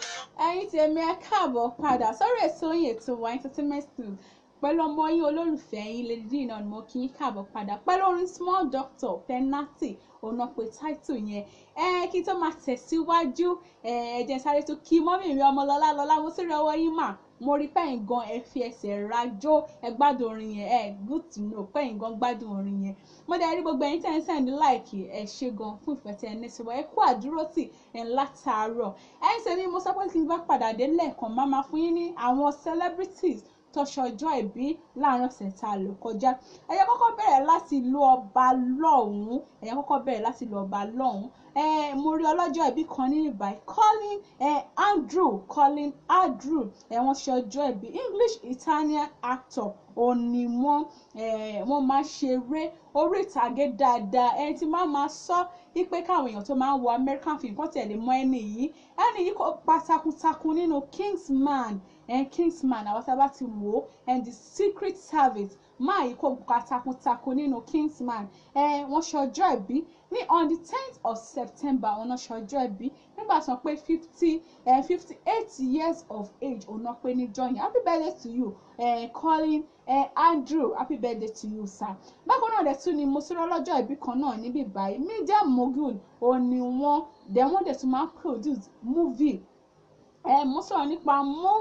ẹ̀yin tèmi ẹ káàbọ̀ padà sórí ètò yìí ètò wa entertainment tube pẹ̀lú ọmọ yín olólùfẹ́ yín Lady Dee náà ni mo kí yín káàbọ̀ padà pẹ̀lú orin small doctor penalty òun náà pé title yẹn ẹ kí n tó máa tẹ̀síwájú ẹ ẹ jẹ́ sáré tó kí mọ́mì mi ọmọ lọ́lá lọ́lá mo sì rẹ ọwọ́ yín mà mo rí pẹ́yìn gan ẹ fi ẹsẹ̀ ra jó ẹ gbádùn orin yẹn ẹ good to know pẹ́yìn gan gbádùn orin yẹn mo dẹ̀ rí gbogbo ẹ̀yin tẹ́ ń sẹ́ni láìkì ẹ ṣe gan fún ìfẹ́ tẹ́ ẹ ní sí wa ẹ kú àdúrótì ẹ̀ látàárọ̀ ẹ̀ ń ṣe ni mo sọ pé kí n bá padà dé lẹ́ẹ̀kan máa fún yín ní àwọn celebrities tó ṣe ọjọ́ ìbí láàrin ọ̀sẹ̀ tá a lò kọjá ẹ̀yẹ kọ́kọ́ bẹ̀rẹ̀ láti ìlú ọba lọ́hùn-ún ẹ̀yẹ kọ́kọ́ bẹ̀rẹ̀ láti ìlú ọba lọ́hùn eh, mo rí ọlọ́jọ́ ìbí kan ní ìbá Colin eh, Andrew Colin Andrew eh, wọ́n ṣe ọjọ́ ìbí English Italian actor òní wọ́n eh, wọ́n máa ṣeré orí ìtàgé dáadáa ẹni eh, tí máa máa sọ wípé káwọn èèyàn tó máa ń wo American film kọ́ tẹ̀lé mọ́ ẹni yìí ẹni yìí kò pa takuntakun nínú Kingsman Eh, kingsman àwọn tá a bá ti wò ó the secret service máa yí kó buka takuntakun nínú kingsman eh, wọ́n ṣe ọjọ́ ìbí ní on the tenth of september wọ́n náà ṣe ọjọ́ ìbí nígbà tí wọ́n pé fifty eh, fifty eight years of age òun náà pé níjọ yẹn happy birthday to you eh, colin eh, andrew happy birthday to you sir bákan náà dẹ̀ tún ni mo sọ̀rọ̀ lọ́jọ́ ìbí kan náà níbí báyìí media mogul òun ni wọ́n dẹ̀ wọ́n dẹ̀ tún máa produce movie Eh, mo sọ̀rọ̀ nípa mo.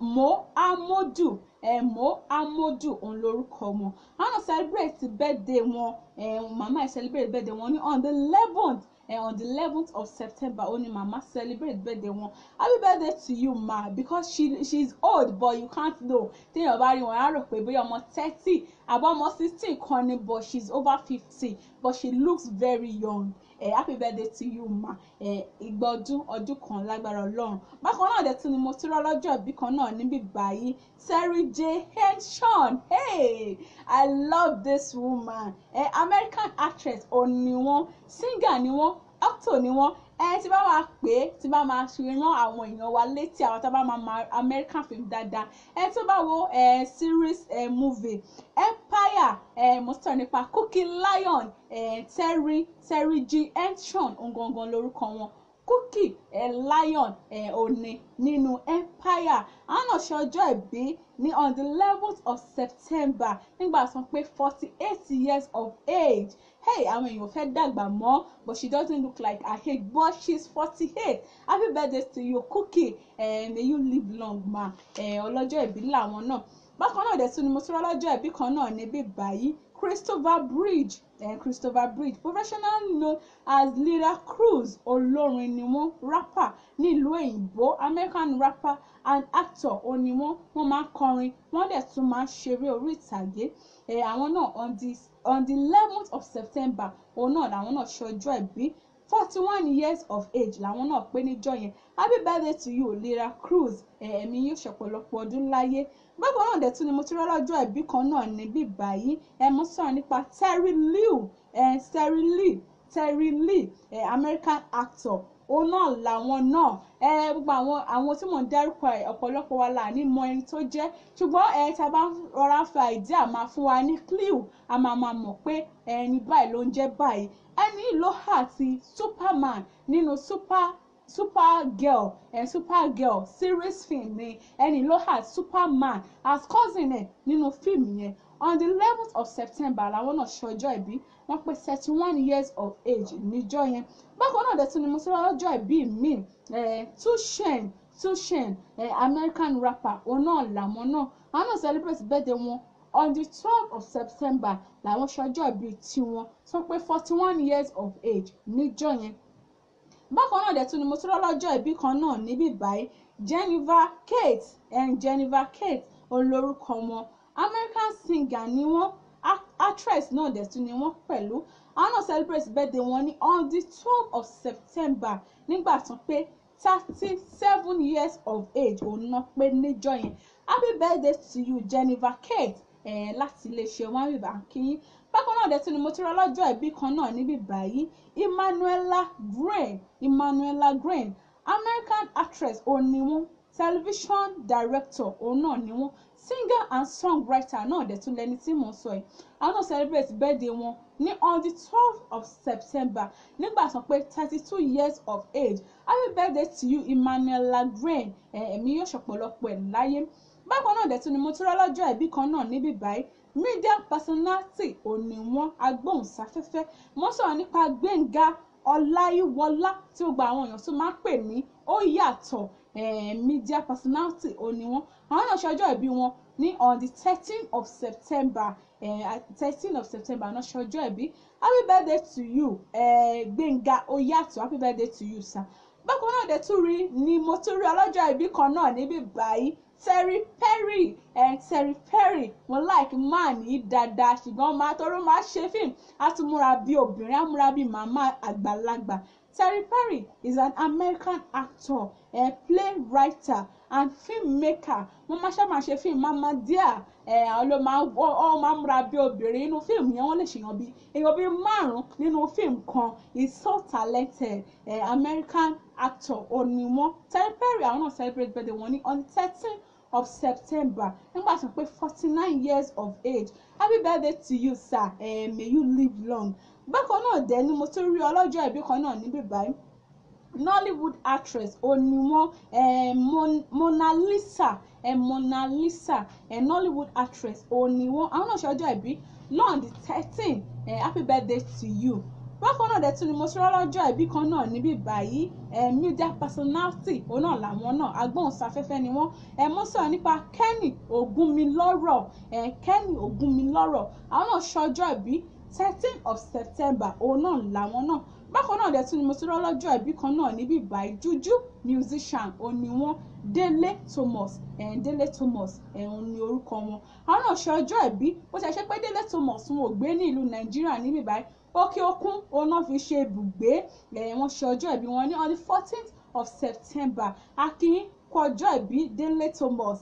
Mo mohammadu eh, mo mohammadu òun lorúkọ wọn àwọn náà celebrate birthday wọn eh, mama ẹ celebrate birthday wọn ní on the eleventh eh, on the eleventh of september only mama celebrate birthday wọn happy birthday to you ma because she she is old but you can't know téèyàn bá rí wọn á rò pé bóyá ọmọ thirty àbọ̀ ọmọ sixteen kan ni but she is over fifty but she looks very young ẹ eh, happy birthday to you ma ẹ eh, igba ọdún ọdún kan lágbára ọlọ́run bákan náà dẹ̀ tún ni mo tún rọ́ lọ́jọ́ ìbí kan náà níbí báyìí Terry J Henson hey I love this woman eh, American actress òní wọn singer ni wọn actor ni wọn ẹ tí bá máa pè é tí bá máa ṣe rán àwọn èèyàn wa létí àwọn tá bá máa ma American film dáadáa ẹ tó bá wo series ẹ movie Empire ẹ mo sọ̀rọ̀ nípa Cookie Lion ẹ Terry Terry G Henson ongangan lórúkọ wọn Cookie ẹ Lion ẹ òní nínú Empire àwọn náà ṣe ọjọ́ ìbí ní on the eleventh of September nígbà tó ń pé forty eight years of age hey àwọn èèyàn fẹ́ dàgbà mọ́ but she doesn't look like her age but she's forty eight happy birthday to you cookie, eh, may you live long ma eh, ọlọ́jọ́ ìbí làwọn náà bákan náà dẹ̀ tún ni mo tún rọ́lọ́jọ́ ìbí kan náà níbí báyìí Christopher Bridge eh, Christopher Bridge professionally known as Lila Cruz olórin ni wọ́n rapper nílùú òyìnbó American rapper and actor òní wọ́n wọ́n máa ń kọrin wọ́n dẹ̀ tún máa ṣeré orí ìtàgé eh, àwọn náà on this on the eleventh of september òun náà làwọn náà ṣe ọjọ́ ìbí forty one years of age làwọn náà pé níjọ́ yẹn happy birthday to you Lira Cruz ẹ̀ẹ̀mí yóò ṣọ̀pọ̀lọpọ̀ ọdún láyé bákan náà dẹ̀tún ni mo ti rọ́ lọ́jọ́ ìbí kan náà níbí báyìí ẹ̀ mo sọ̀rọ̀ nípa Terry Liu ẹ̀ Terry Lee Terry Lee ẹ̀ American actor òun náà làwọn náà ẹ gbogbo àwọn àwọn tí mò ń dárúkọ ẹ ọ̀pọ̀lọpọ̀ wa là ní mọ ẹni tó jẹ́ ṣùgbọ́n ẹ tá a bá rọra fa ìdí àmà fún wa ní clue a máa máa mọ̀ pé ẹni báyìí ló ń jẹ́ báyìí ẹni ló hà ti superman nínú super girl and supergirl series film ni ẹni ló hà superman as cousin ẹ nínú fíìmù yẹn on the 11th of september làwọn náà ṣe ọjọ́ ìbí wọ́n pé thirty one years of age níjọ́ yẹn bákan náà dẹ̀ tún ni mo sọ lọ́jọ́ ìbí mi-ín eh, Tushen Tushen eh, American rapper ono náà làwọn náà àwọn celebrate birthday wọn on the twelve of September làwọn ṣọjọ́ ìbí tiwọn sọ pé forty one years of age níjọ́ yẹn bákan náà dẹ̀ tún ni mo tún lọ́jọ́ ìbí kan náà níbí báyìí Jennifer Kate eh, Jennifer Kate olórúkọ wọn American singer ni wọ́n actress náà dẹ̀ tún ni wọ́n pẹ̀lú àwọn náà celebrate birthday wọn ní on the twelve of September nígbà tó pé thirty seven years of age òun náà pé níjọ́ yẹn happy birthday to you Jennifer Kate eh, láti iléeṣẹ́ wọn rí bàkíyín bákan náà dẹ̀tún ni mo ti rọ lọ́jọ́ ìbí kan náà níbí báyìí Emmanuela Green Emmanuela Green American actress òun ni wọ́n television director òun náà ni wọ́n singer and songwriter náà dẹ̀ tún lẹni tí mò ń sọ yìí àwọn náà celebrate birthday wọn ní on the twelve of september nígbà tó pé thirty two years of age happy birthday to you emmanuel lagrange ẹ̀mí yóò ṣọ̀pọ̀lọpọ̀ ẹ̀ láyé bákan náà dẹ̀ tún ni mo tún rọ́ lọ́jọ́ ìbí kan náà níbí báyìí media personality òní wọn agbóhùnsáfẹ́fẹ́ mo sọ̀rọ̀ nípa gbẹ̀ngà ọláyíwọlá tí gbogbo àwọn èèyàn tún máa ń pè ní ó yàtọ̀ Eh, media personality òní wọn àwọn náà ṣe ọjọ́ ìbí wọn ní on the thirteen of september eh, thirteen uh, of september náà ṣe ọjọ́ ìbí happy birthday to you uh, eh, gbẹ̀ngà oyàtọ̀ happy birthday to you sir bákan náà dẹ̀ tún rí ni mo tún rí ọlọ́jọ́ ìbí kan náà níbí báyìí Terry Perry eh, Terry Perry mo like man yìí dáadáa ṣùgbọ́n máa toró máa ṣe fíìmù á tún múra bí obìnrin á múra bí màmá àgbàlagbà Terry Perry is an American actor, a playwright and filmmaker. Wọ́n máa ṣáà máa ṣe fíìmù Mama dia àwọn ló máa ọ máa múra bí obìnrin nínú fíìmù yẹn wọ́n lè ṣèyàn bí èèyàn bíi márùn-ún nínú fíìmù kan is so talented uh, American actor òní wọn Terry Perry àwọn náà celebrate birthday wọn ní on thirteen of September nígbà tó pé forty nine years of age happy birthday to you sir uh, may you live long bákan náà dẹ̀ ni mo tún rí ọlọ́jọ́ ìbí kan náà níbí báyìí Nollywood actress oníwọ̀n eh, Mon Mona Lisa eh, Mona Lisa eh, Nollywood actress oníwọ̀n àwọn náà ṣe ọjọ́ ìbí lọ́n di thirteen eh, happy birthday to you bákan náà dẹ̀tún ni mo ṣe rọ́lọ́jọ́ ìbí kan náà níbí báyìí eh, media personality òun náà làwọn náà agbóhùnsáfẹ́fẹ́ ni wọ́n eh, mo sọ̀rọ̀ nípa Kenny Ogúnmilọ́rọ̀ eh, Kenny Ogúnmilọ́rọ̀ àwọn náà ṣọjọ́ ìbí thirteen of september òun náà làwọn náà bákan náà dẹ̀tún ni mo ti rọ́ lọ́jọ́ ẹ̀bí kan náà níbí ìbáyìí jújú musician òní wọn délé thomas ẹ̀hún délé thomas ẹ̀hún ni orúkọ wọn àwọn náà ṣe ọjọ́ ẹ̀bí ó ṣe ṣe pé délé thomas wọn ò gbé ní ìlú nàìjíríà níbí ìbáyìí òkè òkun òun náà fi ṣe ibùgbé ẹ̀yìn wọn ṣe ọjọ́ ẹ̀bí wọn ní on the fourteenth of september akin kú ọjọ́ ìbí délé thomas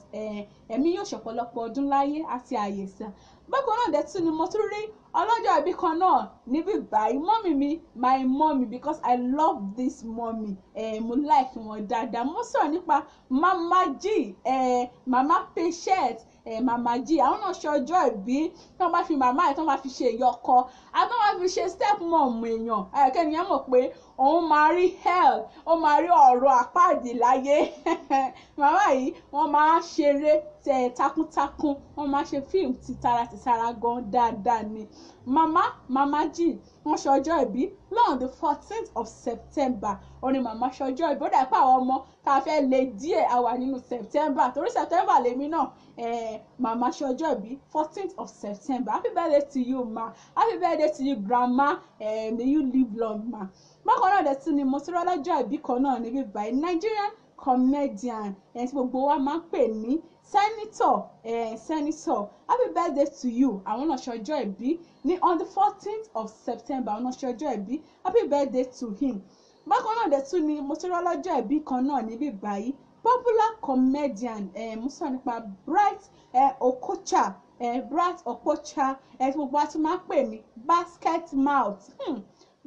ẹ̀mí yóò ṣọ̀pọ̀lọpọ̀ ọdún láyé àti àyè sàn bákan náà dẹ̀tún ni mo tún rí ọlọ́jọ́ ìbí kan náà níbí báyìí mọ́mì mi my mommy because I love this mommy eh, mo like wọn dáadáa mo sọ̀rọ̀ nípa mama g eh, mama patient eh, mama g àwọn náà ṣe ọjọ́ ìbí tí wọ́n bá fi mama yẹn tí wọ́n bá fi ṣe ìyọkọ àti wọ́n bá fi ṣe step mom èèyàn ẹ̀kẹ́ nìyẹn mọ̀ pé òun máa rí health ó máa rí ọ̀rọ̀ àpáàdì láyé *laughs* màmá yìí wọ́n máa ṣeré tẹ̀ takuntakun wọ́n máa ṣe fíìmù titara titara gan dáadáa ni màmá màmá jì wọ́n ṣe ọjọ́ ìbí lọ́n the fourteenth of september ó ní màmá ṣe ọjọ́ ìbí ó dà pé àwọn ọmọ tá a fẹ́ lè díẹ̀ a wà nínú september torí september lèmi náà eh, màmá ṣe ọjọ́ ìbí fourteenth of september happy birthday to you ma happy birthday to you grandma eh, may you live long ma bákan náà dẹ̀ tún ni mo tún rọ́lọ́jọ́ ìbí kan náà níbí by Nigerian comedian ẹni tí gbogbo wa máa ń pè ní senator eh, senator happy birthday to you àwọn náà ṣọjọ́ ìbí ní on the fourteenth of September àwọn náà ṣọjọ́ ìbí happy birthday to him bákan náà dẹ̀ tún ni mo tún rọ́lọ́jọ́ ìbí kan náà níbí by popular comedian eh, mo nípa Bright Okocha eh, Bright Okocha ẹni eh, tí gbogbo wa tún máa ń pè ní basket mouth. Hmm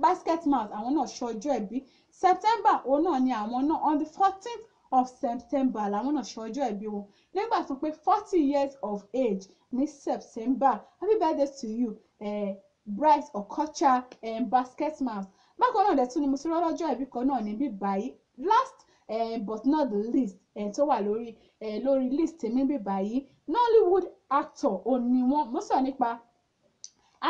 Basket basketmouth àwọn náà ṣọjọ́ ẹbí september òun náà ni àwọn náà on the fourteenth of september làwọn náà ṣọjọ́ ẹbí wọn nígbà tó pé forty years of age ní september happy birthday to you eh, bright okocha eh, basketmouth bákan náà dẹ̀ tún ni mo ti rọ́lọ́jọ́ ẹbí kan náà níbí báyìí last eh, but not the least eh, tó wà lórí eh, lórí list mi bí báyìí nollywood actor òun ni wọ́n mo sọ nípa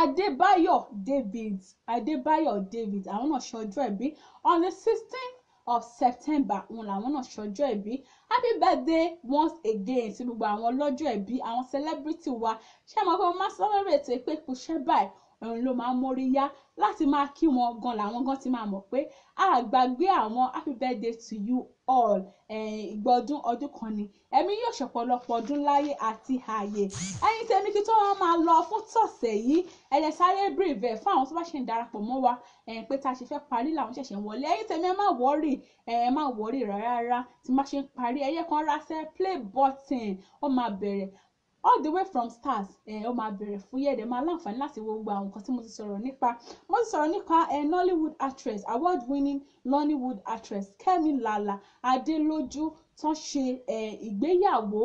adébáyọ̀ david adébáyọ̀ david àwọn náà ṣọjọ́ ìbí on the sixteen of september òun làwọn náà ṣọjọ́ ìbí happy birthday once again sí gbogbo àwọn ọlọ́jọ́ ìbí àwọn celebrity wa ṣé mo fẹ́ máa celebrate pé kò ṣe báyìí òun ló máa ń mórí yá láti máa kí wọn gan làwọn gan ti máa mọ̀ pé a gbàgbé àwọn happy birthday to you all ìgbọ̀dún ọdún kan ni ẹ̀mí yóò ṣọ̀pọ̀lọpọ̀ ọdún láyé àti ààyè ẹ̀yin tèmi kí tó wọn máa lọ fún tọ̀sẹ̀ yìí ẹ̀yẹ sáré brèvè fún àwọn tó bá ṣe ń darapọ̀ mọ́ wa pé tá a ṣe fẹ́ parí làwọn ṣẹ̀ṣẹ̀ wọlé ẹ̀yin tèmi ẹ má wọ́rì ẹ má wọ́rì rárá tí má ṣe ń parí ẹ̀yẹ kan rásẹ̀ play button ó máa bẹ̀rẹ̀ all the way from stars ẹ eh, ó máa bẹ̀rẹ̀ fúyẹ́ dẹ̀ máa láǹfààní láti wo gbogbo àwọn nǹkan tí mo ti sọ̀rọ̀ nípa mo ti sọ̀rọ̀ nípa ẹ eh, Nollywood actress award winning Nollywood actress Kẹ́mi Lala Adélójú tán ṣe eh, ìgbéyàwó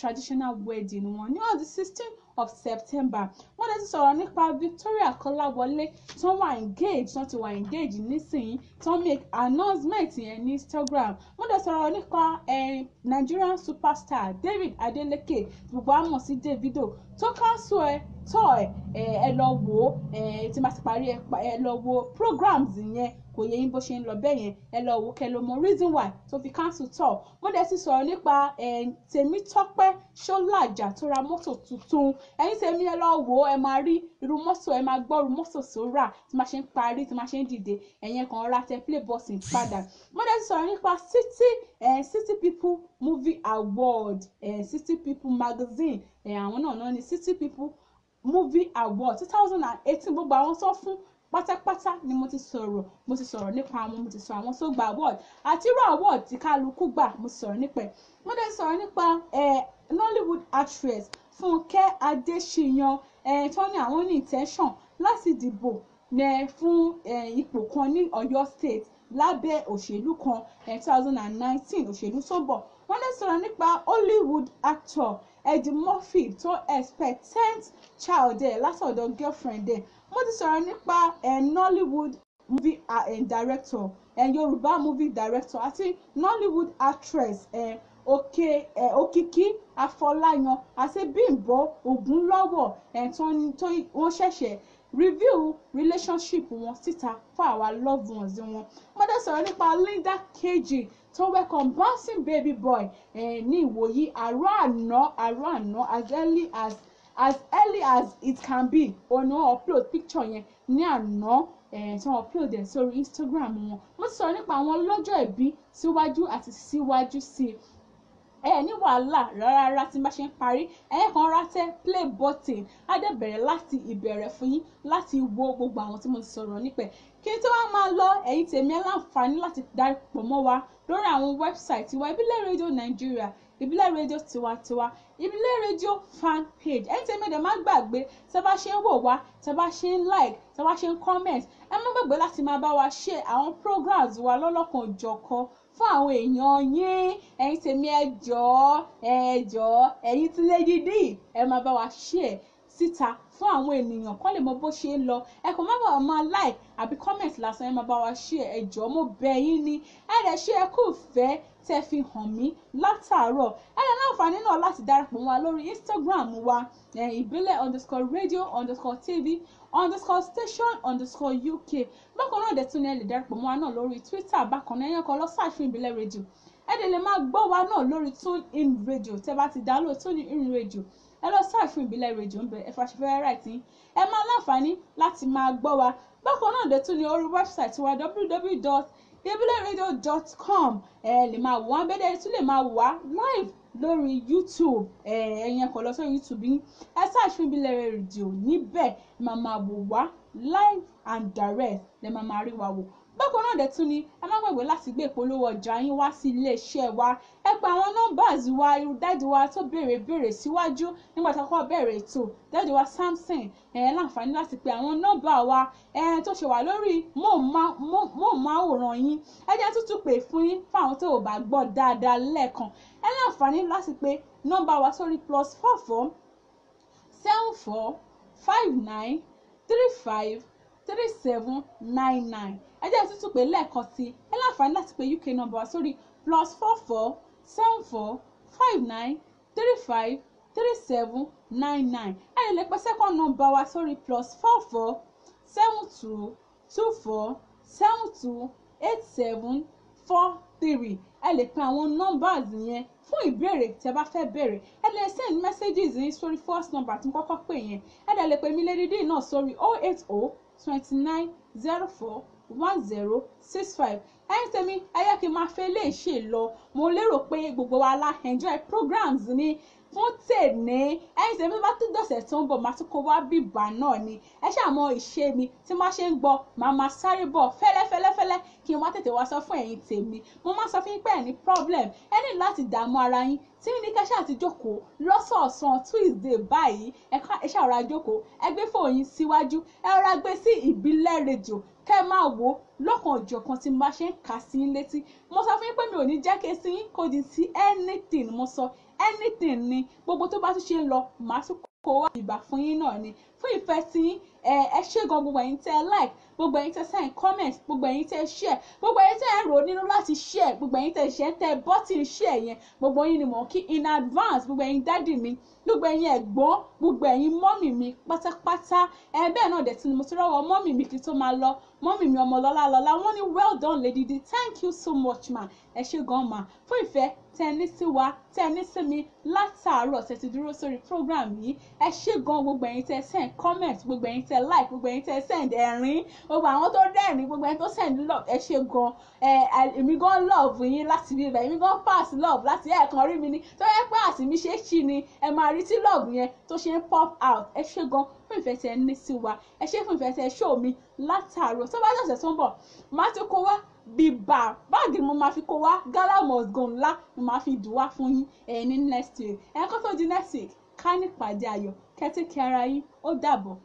traditional wedding wọn ní ọdún sixteen of September wọ́n dẹ̀ ti sọ̀rọ̀ nípa Victoria Kọ́láwọlé tó wà engaged tó ti wà engaged nísìnyí tó make announcement yẹn ní Instagram wọ́n dẹ̀ sọ̀rọ̀ nípa eh, Nigerian superstar David Adeleke gbogbo àmọ̀ sí Davido tó cancel ẹ̀ tọ́ ẹ ẹ lọ wò ó ẹ tí máa ti parí ẹ lọ wo programs yẹn kò yẹ yín bó ṣe ń lọ bẹ́ẹ̀ yẹn ẹ lọ wò kẹ́ ló reason why tó fi cancel tour mo dẹ̀ ti sọ̀rọ̀ nípa Tèmítọ́pẹ́ Ṣọ́lájà tó ra mọ́tò tuntun ẹ̀yin tèmi ẹ lọ wò ó ẹ máa rí irú mọ́tò ẹ máa gbọ́ irú mọ́tò tó rà tí máa ṣe ń parí tí máa ṣe ń dìde ẹ̀yẹn kan ra tẹ play button padà mo dẹ̀ ti sọ̀rọ̀ nípa city city people movie award city people magazine àwọn náà náà ni city people movie award two thousand and eighteen gbogbo àwọn tó fún pátápátá ni mo ti sọ̀rọ̀ mo ti sọ̀rọ̀ nípa àwọn mo ti sọ àwọn tó gba award àti irú award tí kálukú gbà mo ti sọ̀rọ̀ nípa ẹ̀ mo dẹ̀ sọ̀rọ̀ nípa Nollywood actress funke Adéṣíyan tó ní àwọn ní intention láti dìbò fún ipò kan ní Ọ̀yọ́ state lábẹ́ òṣèlú kan two thousand and nineteen òṣèlú tó bọ̀ wọ́n dẹ̀ sọ̀rọ̀ nípa Hollywood actor Eddie Murphy tó expectant child ẹ̀ látọ̀dọ̀ girlfriend ẹ̀ mo ti sọ̀rọ̀ nípa ẹ̀ eh, Nollywood movie um director ẹ̀ eh, Yorùbá movie director àti Nollywood actress ẹ̀ òkè ẹ̀ òkìkí Afọláyan àti Bímbọ́ Ògúnlọ́wọ̀ ẹ̀ tó wọ́n ṣẹ̀ṣẹ̀ review relationship wọn síta fún àwa love ones wọn mo dẹ̀ sọ̀rọ̀ nípa Linda Keji tó welcome bouncing baby boy eh, ní ìwòyí àárọ̀ àná àárọ̀ àná as early as as early as it can be òun ni wọ́n upload picture yẹn ní àná tí wọ́n upload ẹ̀ sórí Instagram wọn mo ti sọ̀rọ̀ nípa àwọn lọ́jọ́ ìbí síwájú àti síwájú sí i ẹ ní wàhálà rárá tí n bá ṣe ń parí ẹ̀yìn kan rátẹ́ play button á dẹ̀ bẹ̀rẹ̀ láti ìbẹ̀rẹ̀ fún yín láti wo gbogbo àwọn tí mo ti sọ̀rọ̀ nípẹ̀ kí n tó wá máa lọ ẹ̀yin tèmi ẹ láǹfààní láti darapọ̀ mọ́ wa lórí àwọn wẹ́bsáìtì wa ìbílẹ̀ rédíò nàìjíríà ìbílẹ̀ rédíò tiwantiwa ìbílẹ̀ rédíò fan page ẹni tẹ́mi ẹ̀dẹ̀ má gbàgbé tẹ́ bá ṣe ń wò wá tẹ́ bá ṣe ń like tẹ́ bá ṣe ń comment ẹ má gbàgbé láti máa bá wa ṣe àwọn programs wa lọ́lọ́kan jọ̀kan fún àwọn èèyàn yín ẹ̀yin tèmi ẹ jọ̀ọ́ ẹ jọ̀ọ́ ẹ̀yin tí lè dídì ẹ máa bá wa ṣe síta fún àwọn ènìyàn kán lè mọ bó ṣe ń lọ ẹ má bàa máa like àbí comment lásán ẹ máa bá wa share ẹ jọ̀ọ́ mo bẹ̀ yín ni ẹ rẹ̀ ṣe ẹ kú fẹ́ tẹ́ fi hàn mí látàárọ̀ ẹ lè láǹfààní náà láti darapọ̀ wá lórí Instagram wa ìbílẹ̀ underscore radio underscore tv underscore station underscore uk bákan náà dẹ̀ tún ni ẹ lè darapọ̀ wá náà lórí Twitter bákan náà ẹ̀yàn kan lọ sáàfin ìbílẹ̀ radio ẹ dẹ̀ lè máa gbọ́ wa náà lórí tune in radio tẹ́ bá ti in radio ẹ lọ search fún ìbílẹ̀ rédíò ń bẹ ẹ fàṣẹfẹ́rẹ́ right yín ẹ máa láǹfààní láti máa gbọ́ wa bákan náà dé tún ní orí wẹ́bsáìtì wa www.ibileradio.com ẹ lè máa wò wọ́n bẹ́ẹ̀ tún lè máa wà live lórí youtube ẹ̀yìn ẹ̀kọ́ lọ sórí youtube yín ẹ search fún ìbílẹ̀ rédíò níbẹ̀ máa máa wò wá live and direct lè máa máa rí wa wò bákan náà dẹ̀ tún ni ẹ má gbàgbé láti gbé ìpolówó ọjà yín wá sí iléeṣẹ́ wa ẹ gba àwọn nọ́mbàs wa irú dáàdì wa tó béèrè béèrè síwájú nígbà tá a kọ́ bẹ̀rẹ̀ ètò dáàdì wa Samson ẹ̀ láǹfààní láti pe àwọn nọ́mbà wa ẹ̀ tó ṣe wà lórí móhùnmáwòrán yín ẹ jẹ́ tútù pè fún yín fáwọn tó ò bá gbọ́ dáadáa lẹ́ẹ̀kan ẹ láǹfààní láti pe nọ́mbà wa sórí plus four four seven four five nine three five three seven nine nine ẹ jẹ́ tútù pé lẹ́ẹ̀kan sí ẹ láǹfààní láti pe UK number wa sórí plus four four seven four five nine three five three seven nine nine ẹ lè lè second number wa sórí plus four four seven two two four seven two eight seven four three ẹ lè pe àwọn numbers yẹn fún ìbéèrè tí ẹ bá fẹ́ béèrè ẹ lè send messages yín sórí first number tí mo kọ́kọ́ pè yẹn ẹ dẹ̀ lè pe mi lédi díì náà sórí oh eight oh twenty nine zero four one zero six five ẹ̀yin tèmi ẹ yẹ kí n máa fẹ́ lè ṣe lọ mo lérò pé gbogbo wa la enjoy programs ni fún tèmi ẹ̀yin tèmi bá tún dọ̀sẹ̀ tó ń bọ̀ máa tún kó wá bìbà náà ni ẹ ṣàmọ ìṣe mi tí máa ṣe ń gbọ́ máa máa sáré bọ̀ fẹ́lẹ́fẹ́lẹ́fẹ́lẹ́ kí n wá tètè wá sọ fún ẹ̀yin tèmi mo máa sọ fún yín ní problem ẹ ní láti dààmú ara yín tí ní kẹ́sà ti jókòó lọ́sọ̀ọ̀sán tuesday báyìí ẹ ṣàrà jókòó ẹ gbé fóònù síwájú ẹ rọra gbé sí ìbílẹ̀ rédíò kẹ́ ẹ máa wò ó lọ́kàn òjọ̀kan tí mo bá ṣe ń kà sí yín létí mo sọ fún yín pé mi ò ní jẹ́ kí sí yín kò di sí anything mo sọ anything ni gbogbo tó bá tún ṣe ń lọ màá tún kó wá ìgbà fún yín náà ni fún ìfẹ́ sí yín ẹ ṣé gan gbogbo ẹ̀yin tẹ́ ẹ like gbogbo ẹ̀yin tẹ́ send comment gbogbo ẹ̀yin tẹ́ share gbogbo ẹ̀yin tẹ́ ń rò nínú láti share gbogbo ẹ̀yin tẹ́ ṣe ń tẹ bọ́tìn share yẹn gbogbo yín ni mò ń kí in advance gbogbo ẹ̀yin dádì mi gbogbo ẹ̀yin ẹ̀gbọ́n gbogbo ẹ̀yin mọ́mì mi pátápátá ẹ bẹ́ẹ̀ náà dẹ̀ tí mo ti rọ́wọ́ mọ́mì mi kí tó máa lọ mọ́mì mi ọmọ lọ́lá lọ́lá wọ́n ní well done lady di thank you so much ma ẹ ṣe gan ma fún ìfẹ́ tẹni sí wa tẹni sí mi látàárọ̀ tẹ̀sí dúró sórí program yìí ẹ ṣe gan gbogbo ẹ̀yin tẹ́ send comment gbogbo ẹ̀yin tẹ́ like gbogbo ẹ̀yin tẹ́ send ẹ̀rín gbogbo àwọn tó dẹ́rìn gbogbo ẹni tó send love ẹ ṣe gan èmi gan love yín láti rí ibẹ̀ èmi gan pass love láti ẹ̀ kan rí mi ni tó yẹ pé àti mi ṣe kí ni ẹ máa rí tí love yẹn tó ṣe ń pop out ẹ ṣe gan fún ìfẹ́ tẹ ní sí wa ẹ ṣe fún ìfẹ́ tẹ ṣó mi látàárọ̀ tó bá dọ̀sẹ̀ tó ń bọ̀ má tún kó wá bíbà báàgì mo máa fi kó wá gala must go ńlá mo máa fi dùn wá fún yín ẹ̀ ní next week ẹ̀ kó tó di next week ká nípàdé ayọ̀ kẹ́tíkẹ́ ara yín ó dàbọ̀.